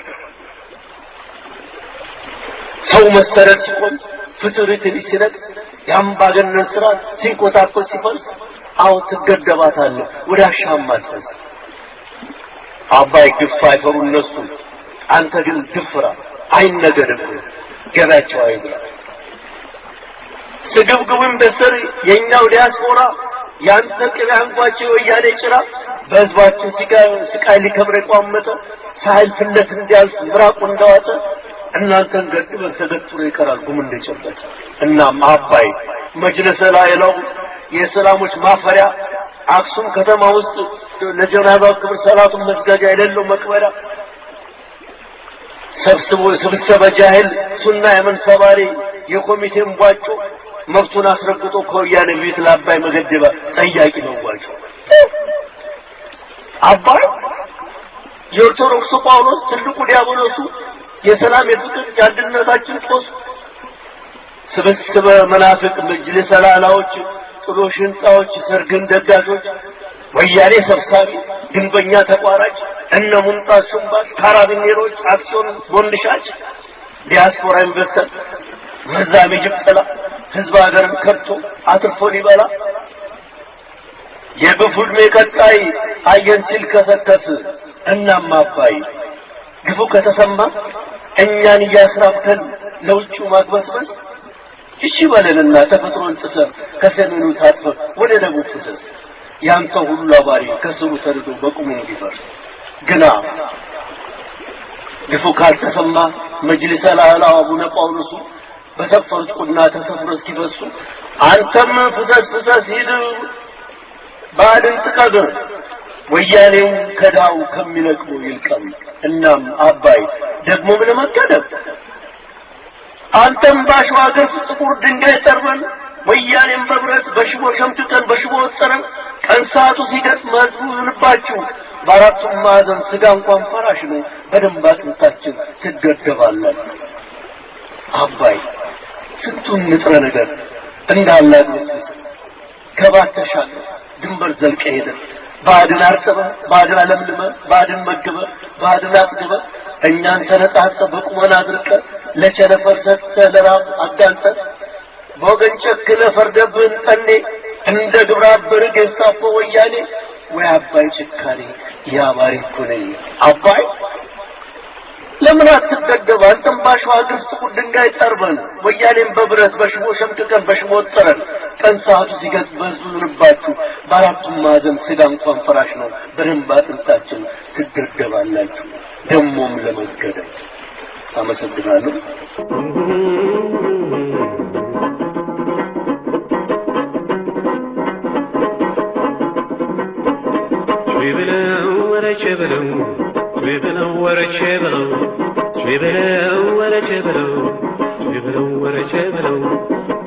ሰው መሰረት ሲቆጥ ፍትሪትን ሲነቅስ የአምባገነን ስራ ሲንኮታኮት ሲፈርስ አዎ ትገደባታለህ ወደ አሻም አትፈስ አባይ ግፍ አይፈሩ እነሱ አንተ ግን ድፍራ አይነገርም ገበያቸው አይብላ ስግብግብም በስር የኛው ዲያስፖራ ያንተ ቅቤ አንጓቸው ወያኔ ጭራ በህዝባችን ስቃይ ሊከብር የቋመጠ ሳይል ፍለት እንዲያልፍ ምራቁ እንዳዋጠ እናንተን ገድበን ተገትሮ ይቀራል ጉም እንደጨበት እናም አባይ መጅልስ ላይለው የሰላሞች ማፈሪያ አክሱም ከተማ ውስጥ ለጀናባ ክብር ሰላቱን መስጋጃ የሌለው መቅበሪያ ሰብስቦ ስብሰበ ጃህል ሱና የመንሰባሪ የኮሚቴን ቧጮ መብቱን አስረግጦ ከወያኔ ቤት ለአባይ መገደበ ጠያቂ ነው ቧጮ አባይ የኦርቶዶክሱ ጳውሎስ ትልቁ ዲያብሎሱ የሰላም የፍቅር የአንድነታችን ቆስ ስብስበ መናፍቅ መጅልስ ሰላላዎች፣ ጥሎ ህንፃዎች፣ ሰርግን ደጋሾች፣ ወያኔ ሰብሳቢ፣ ግንበኛ ተቋራጭ፣ እነ ሙምጣዝ ሹምባል፣ ካራቢኔሮች፣ አክሲዮን ቦንድ ዲያስፖራ ኢንቨስተር፣ ምዛም ጅብጠላ ህዝብ ሀገርን ከብቶ አትርፎ ሊበላ የግፉድሜ ቀጣይ አየን ሲል ከሰከስ እናማ ግፉ ከተሰማ እኛን እያስራብተን ለውጩ ማግበስበስ እሺ በለንና ተፈጥሮን ጥሰ ከሰሜኑ ታጥፈ ወደ ደቡብ ፍሰስ ያንተ ሁሉ አባሪ ከስሩ ተርዶ በቁሙ እንዲፈርስ ግና ግፉ ካልተሰማ መጅልሰ ላላ አቡነ ጳውሎሱ በሰፈሩት ቁና ተሰፍሮ እስኪፈሱ አንተም ፍሰስ ፍሰስ ሂድ ባዕድን ጥቀብር ወያኔው ከዳው ከሚነቅሉ ይልቀም። እናም አባይ ምን ለመገደብ አንተም በአሸዋ ገፍ ጥቁር ድንጋይ ጠርበን ወያኔም በብረት በሽቦ ሸምትተን በሽቦ ወጠረን ቀን ሰዓቱ ሲደርስ ህዝቡ ይሁንባችሁ በአራቱም ማዕዘን ስጋ እንኳን ፈራሽ ነው። በደንብ አጥንታችን ትገደባለን። አባይ ስንቱን ንጥረ ነገር እንዳላግኘት ከባተሻለ ድንበር ዘልቀ ሄደ። ባዕድን አርጥበ፣ ባዕድን አለምልመ፣ ባዕድን መግበ፣ ባዕድን አጥግበ፣ እኛን ተነጣጠ፣ በቁመና አድርቀ፣ ለቸነፈር ሰጥተ፣ ለራብ አጋልጠ፣ በወገን ጨክነ፣ ፈርደብን ጠኔ፣ እንደ ግብረ አበር ገስታፎ ወያኔ ወይ አባይ ጭካኔ የአባሪ እኮ አባይ ለምን አትጠገብ? አልተንባሸዋ ግብጽ ድንጋይ ጠርበን ወያኔን በብረት በሽቦ ሸምቅቀን በሽቦ ጥረን ቀን ሰዓቱ ሲገጽ በዙንባችሁ በአራቱም ማዕዘን ስጋ እንኳን ፈራሽ ነው። በደንብ አጥንታችን ትደገባላችሁ። ደሞም ለመገደል አመሰግናለሁ። ጭብለው ወረ ጭብለው شبلو ورا شبلو شبلو ورا شبلو شبلو ورا شبلو